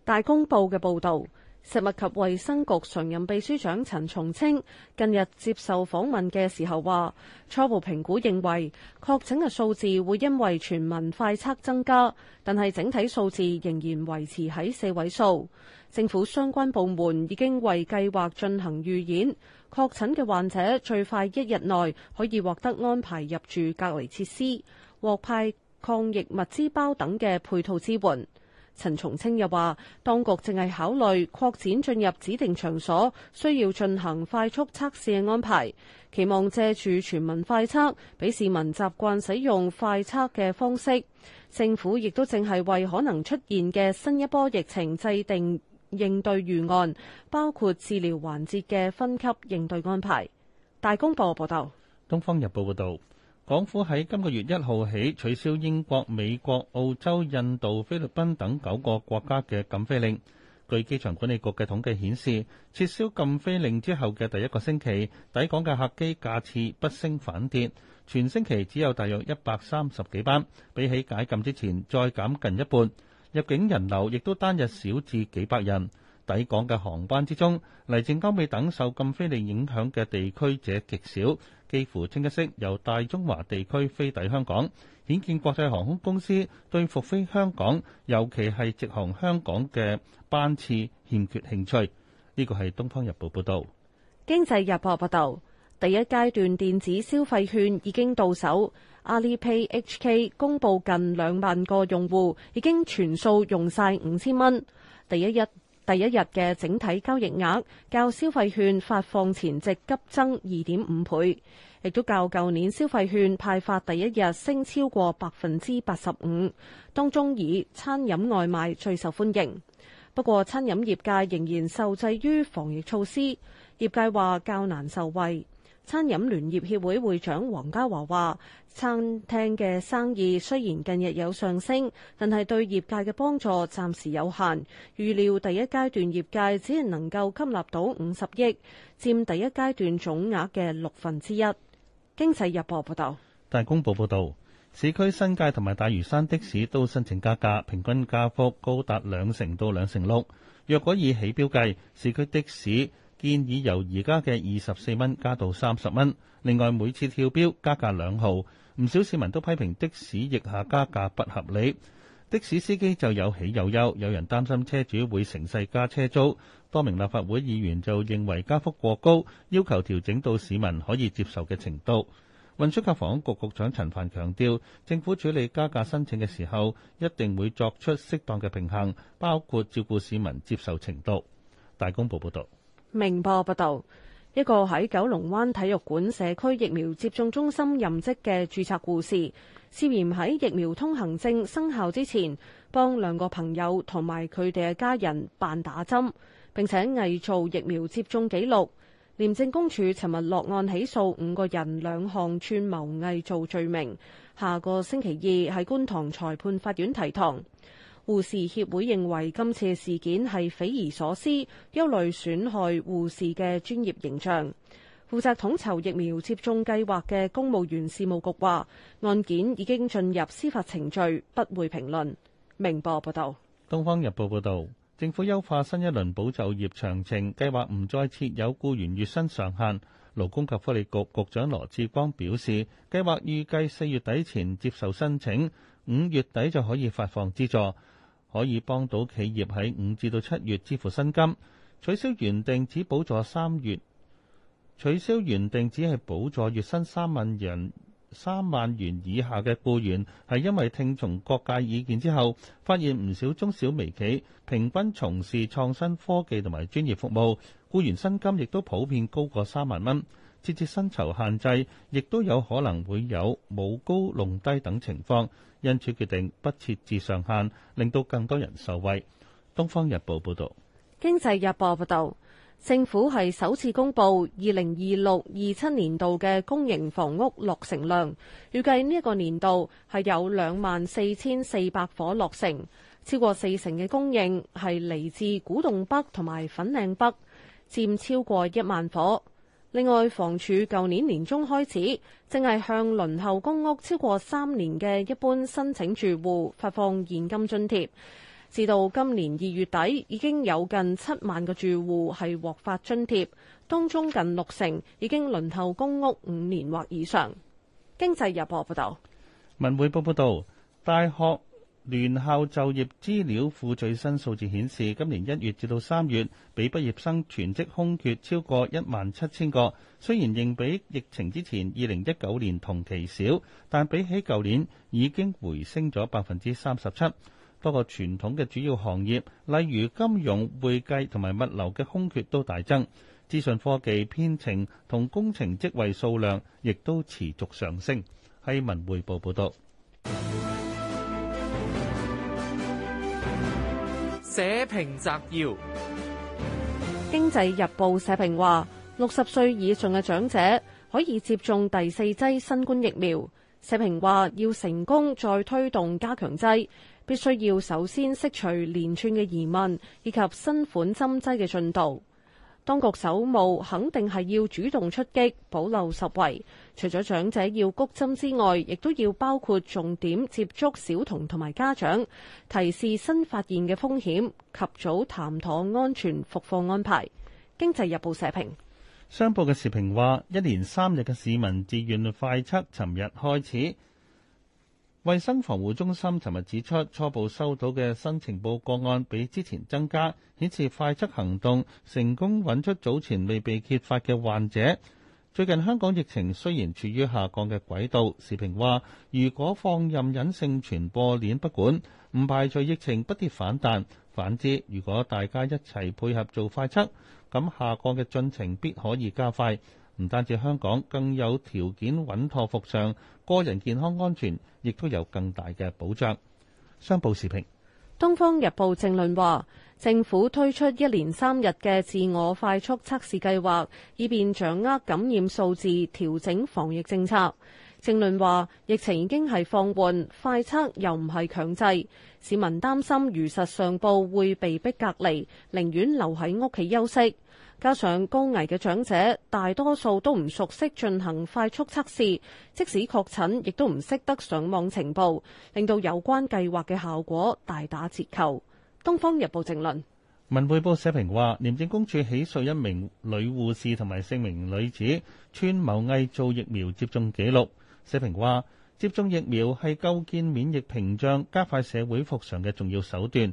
大公報嘅報導，食物及衛生局常任秘書長陳松青近日接受訪問嘅時候話，初步評估認為確診嘅數字會因為全民快測增加，但係整體數字仍然維持喺四位數。政府相關部門已經為計劃進行預演。確診嘅患者最快一日內可以獲得安排入住隔離設施，獲派抗疫物資包等嘅配套支援。陳重清又話，當局正係考慮擴展進入指定場所，需要進行快速測試嘅安排，期望借住全民快測，俾市民習慣使用快測嘅方式。政府亦都正係為可能出現嘅新一波疫情制定。應對預案包括治療環節嘅分級應對安排。《大公報》報道，《東方日報》報道。港府喺今個月一號起取消英國、美國、澳洲、印度、菲律賓等九個國家嘅禁飛令。據機場管理局嘅統計顯示，撤銷禁飛令之後嘅第一個星期抵港嘅客機架次不升反跌，全星期只有大約一百三十幾班，比起解禁之前再減近一半。入境人流亦都單日少至幾百人。抵港嘅航班之中，黎政交、美等受禁飛令影響嘅地區者極少，幾乎清一色由大中華地區飛抵香港，顯見國際航空公司對復飛香港，尤其係直航香港嘅班次欠缺興趣。呢個係《東方日報》報導，《經濟日報》報導。第一階段電子消費券已經到手。阿里 Pay HK 公佈近兩萬個用戶已經全數用晒五千蚊。第一日，第一日嘅整體交易額較消費券發放前值急增二點五倍，亦都較舊年消費券派發第一日升超過百分之八十五。當中以餐飲外賣最受歡迎，不過餐飲業界仍然受制於防疫措施，業界話較難受惠。餐飲聯業協會會長黃家華話，餐廳嘅生意雖然近日有上升，但係對業界嘅幫助暫時有限。預料第一階段業界只係能夠吸納到五十億，佔第一階段總額嘅六分之一。經濟日報報道，大公報報道，市區新界同埋大嶼山的士都申請加價，平均加幅高達兩成到兩成六。若果以起標計，市區的士，建議由而家嘅二十四蚊加到三十蚊，另外每次跳標加價兩毫。唔少市民都批評的士逆下加價不合理，的士司機就有喜有憂，有人擔心車主會成世加車租。多名立法會議員就認為加幅過高，要求調整到市民可以接受嘅程度。運輸及房屋局局長陳帆強調，政府處理加價申請嘅時候，一定會作出適當嘅平衡，包括照顧市民接受程度。大公報報導。明報報道，一個喺九龍灣體育館社區疫苗接種中心任職嘅注冊護士，涉嫌喺疫苗通行證生效之前，幫兩個朋友同埋佢哋嘅家人辦打針，並且偽造疫苗接種記錄。廉政公署尋日落案起訴五個人，兩項串謀偽造罪名，下個星期二喺觀塘裁判法院提堂。護士協會認為今次事件係匪夷所思，憂慮損害護士嘅專業形象。負責統籌疫苗接種計劃嘅公務員事務局話：案件已經進入司法程序，不會評論。明報報道，《東方日報》報道，政府優化新一輪保就業長程計劃，唔再設有僱員月薪上限。勞工及福利局局局長羅志光表示，計劃預計四月底前接受申請，五月底就可以發放資助。可以幫到企業喺五至到七月支付薪金，取消原定只補助三月，取消原定只係補助月薪三萬人三萬元以下嘅雇員，係因為聽從各界意見之後，發現唔少中小微企平均從事創新科技同埋專業服務，雇員薪金亦都普遍高過三萬蚊，設置薪酬限制，亦都有可能會有冇高弄低等情況。因此決定不設置上限，令到更多人受惠。東方日報報道，經濟日報報道，政府係首次公布二零二六二七年度嘅公營房屋落成量，預計呢一個年度係有兩萬四千四百伙落成，超過四成嘅供應係嚟自古洞北同埋粉嶺北，佔超過一萬伙。另外，房署舊年年中開始，正係向輪候公屋超過三年嘅一般申請住戶發放現金津貼，至到今年二月底已經有近七萬個住戶係獲發津貼，當中近六成已經輪候公屋五年或以上。經濟日報報道，文匯報報道，大學聯校就業資料庫最新數字顯示，今年一月至到三月，比畢業生全職空缺超過一萬七千個。雖然仍比疫情之前二零一九年同期少，但比起舊年已經回升咗百分之三十七。多個傳統嘅主要行業，例如金融、會計同埋物流嘅空缺都大增。資訊科技、編程同工程職位數量亦都持續上升。喺《文匯報》報道。社評摘要：經濟日報社評話，六十歲以上嘅長者可以接種第四劑新冠疫苗。社評話，要成功再推動加強劑，必須要首先釋除連串嘅疑問，以及新款針劑嘅進度。當局首務肯定係要主動出擊，保留十圍。除咗長者要谷針之外，亦都要包括重點接觸小童同埋家長，提示新發現嘅風險，及早談妥安全復課安排。經濟日報社評，商報嘅時評話，一連三日嘅市民自願快測，尋日開始。衞生防護中心尋日指出，初步收到嘅新情報個案比之前增加，顯示快測行動成功揾出早前未被揭發嘅患者。最近香港疫情雖然處於下降嘅軌道，時評話如果放任隱性傳播鏈不管，唔排除疫情不跌反彈，反之，如果大家一齊配合做快測，咁下降嘅進程必可以加快。唔單止香港更有條件穩妥復常，個人健康安全亦都有更大嘅保障。商報時評。《東方日報》正論話，政府推出一連三日嘅自我快速測試計劃，以便掌握感染數字，調整防疫政策。正論話，疫情已經係放緩，快測又唔係強制，市民擔心如實上報會被逼隔離，寧願留喺屋企休息。加上高危嘅長者，大多數都唔熟悉進行快速測試，即使確診亦都唔識得上網彙報，令到有關計劃嘅效果大打折扣。《東方日報》評論，文匯報社評話廉政公署起訴一名女護士同埋四名女子串謀偽造疫苗接種記錄。社評話接種疫苗係構建免疫屏障，加快社會復常嘅重要手段。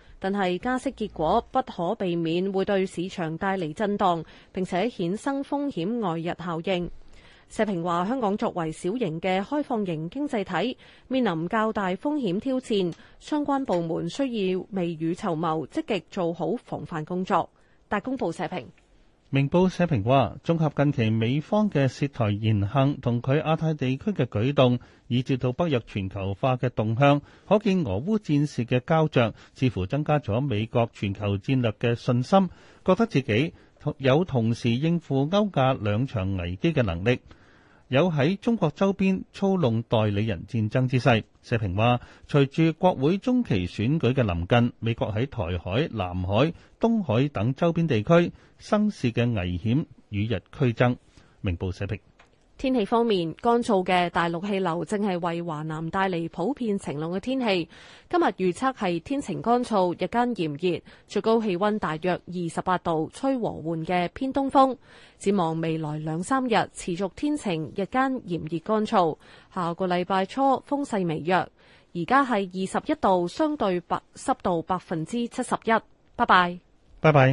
但係加息結果不可避免會對市場帶嚟震盪，並且衍生風險外溢效應。社評話：香港作為小型嘅開放型經濟體，面臨較大風險挑戰，相關部門需要未雨綢繆，積極做好防範工作。大公報社評。明報社評話：綜合近期美方嘅涉台言行同佢亞太地區嘅舉動，以至到北約全球化嘅動向，可見俄烏戰事嘅膠著，似乎增加咗美國全球戰略嘅信心，覺得自己有同時應付歐亞兩場危機嘅能力。有喺中國周邊操弄代理人戰爭之勢，社評話：隨住國會中期選舉嘅臨近，美國喺台海、南海、東海等周邊地區生事嘅危險與日俱增。明報社評。天氣方面，乾燥嘅大陸氣流正係為華南帶嚟普遍晴朗嘅天氣。今日預測係天晴乾燥，日間炎熱，最高氣溫大約二十八度，吹和緩嘅偏東風。展望未來兩三日持續天晴，日間炎熱乾燥。下個禮拜初風勢微弱。而家係二十一度，相對白濕度百分之七十一。拜拜，拜拜。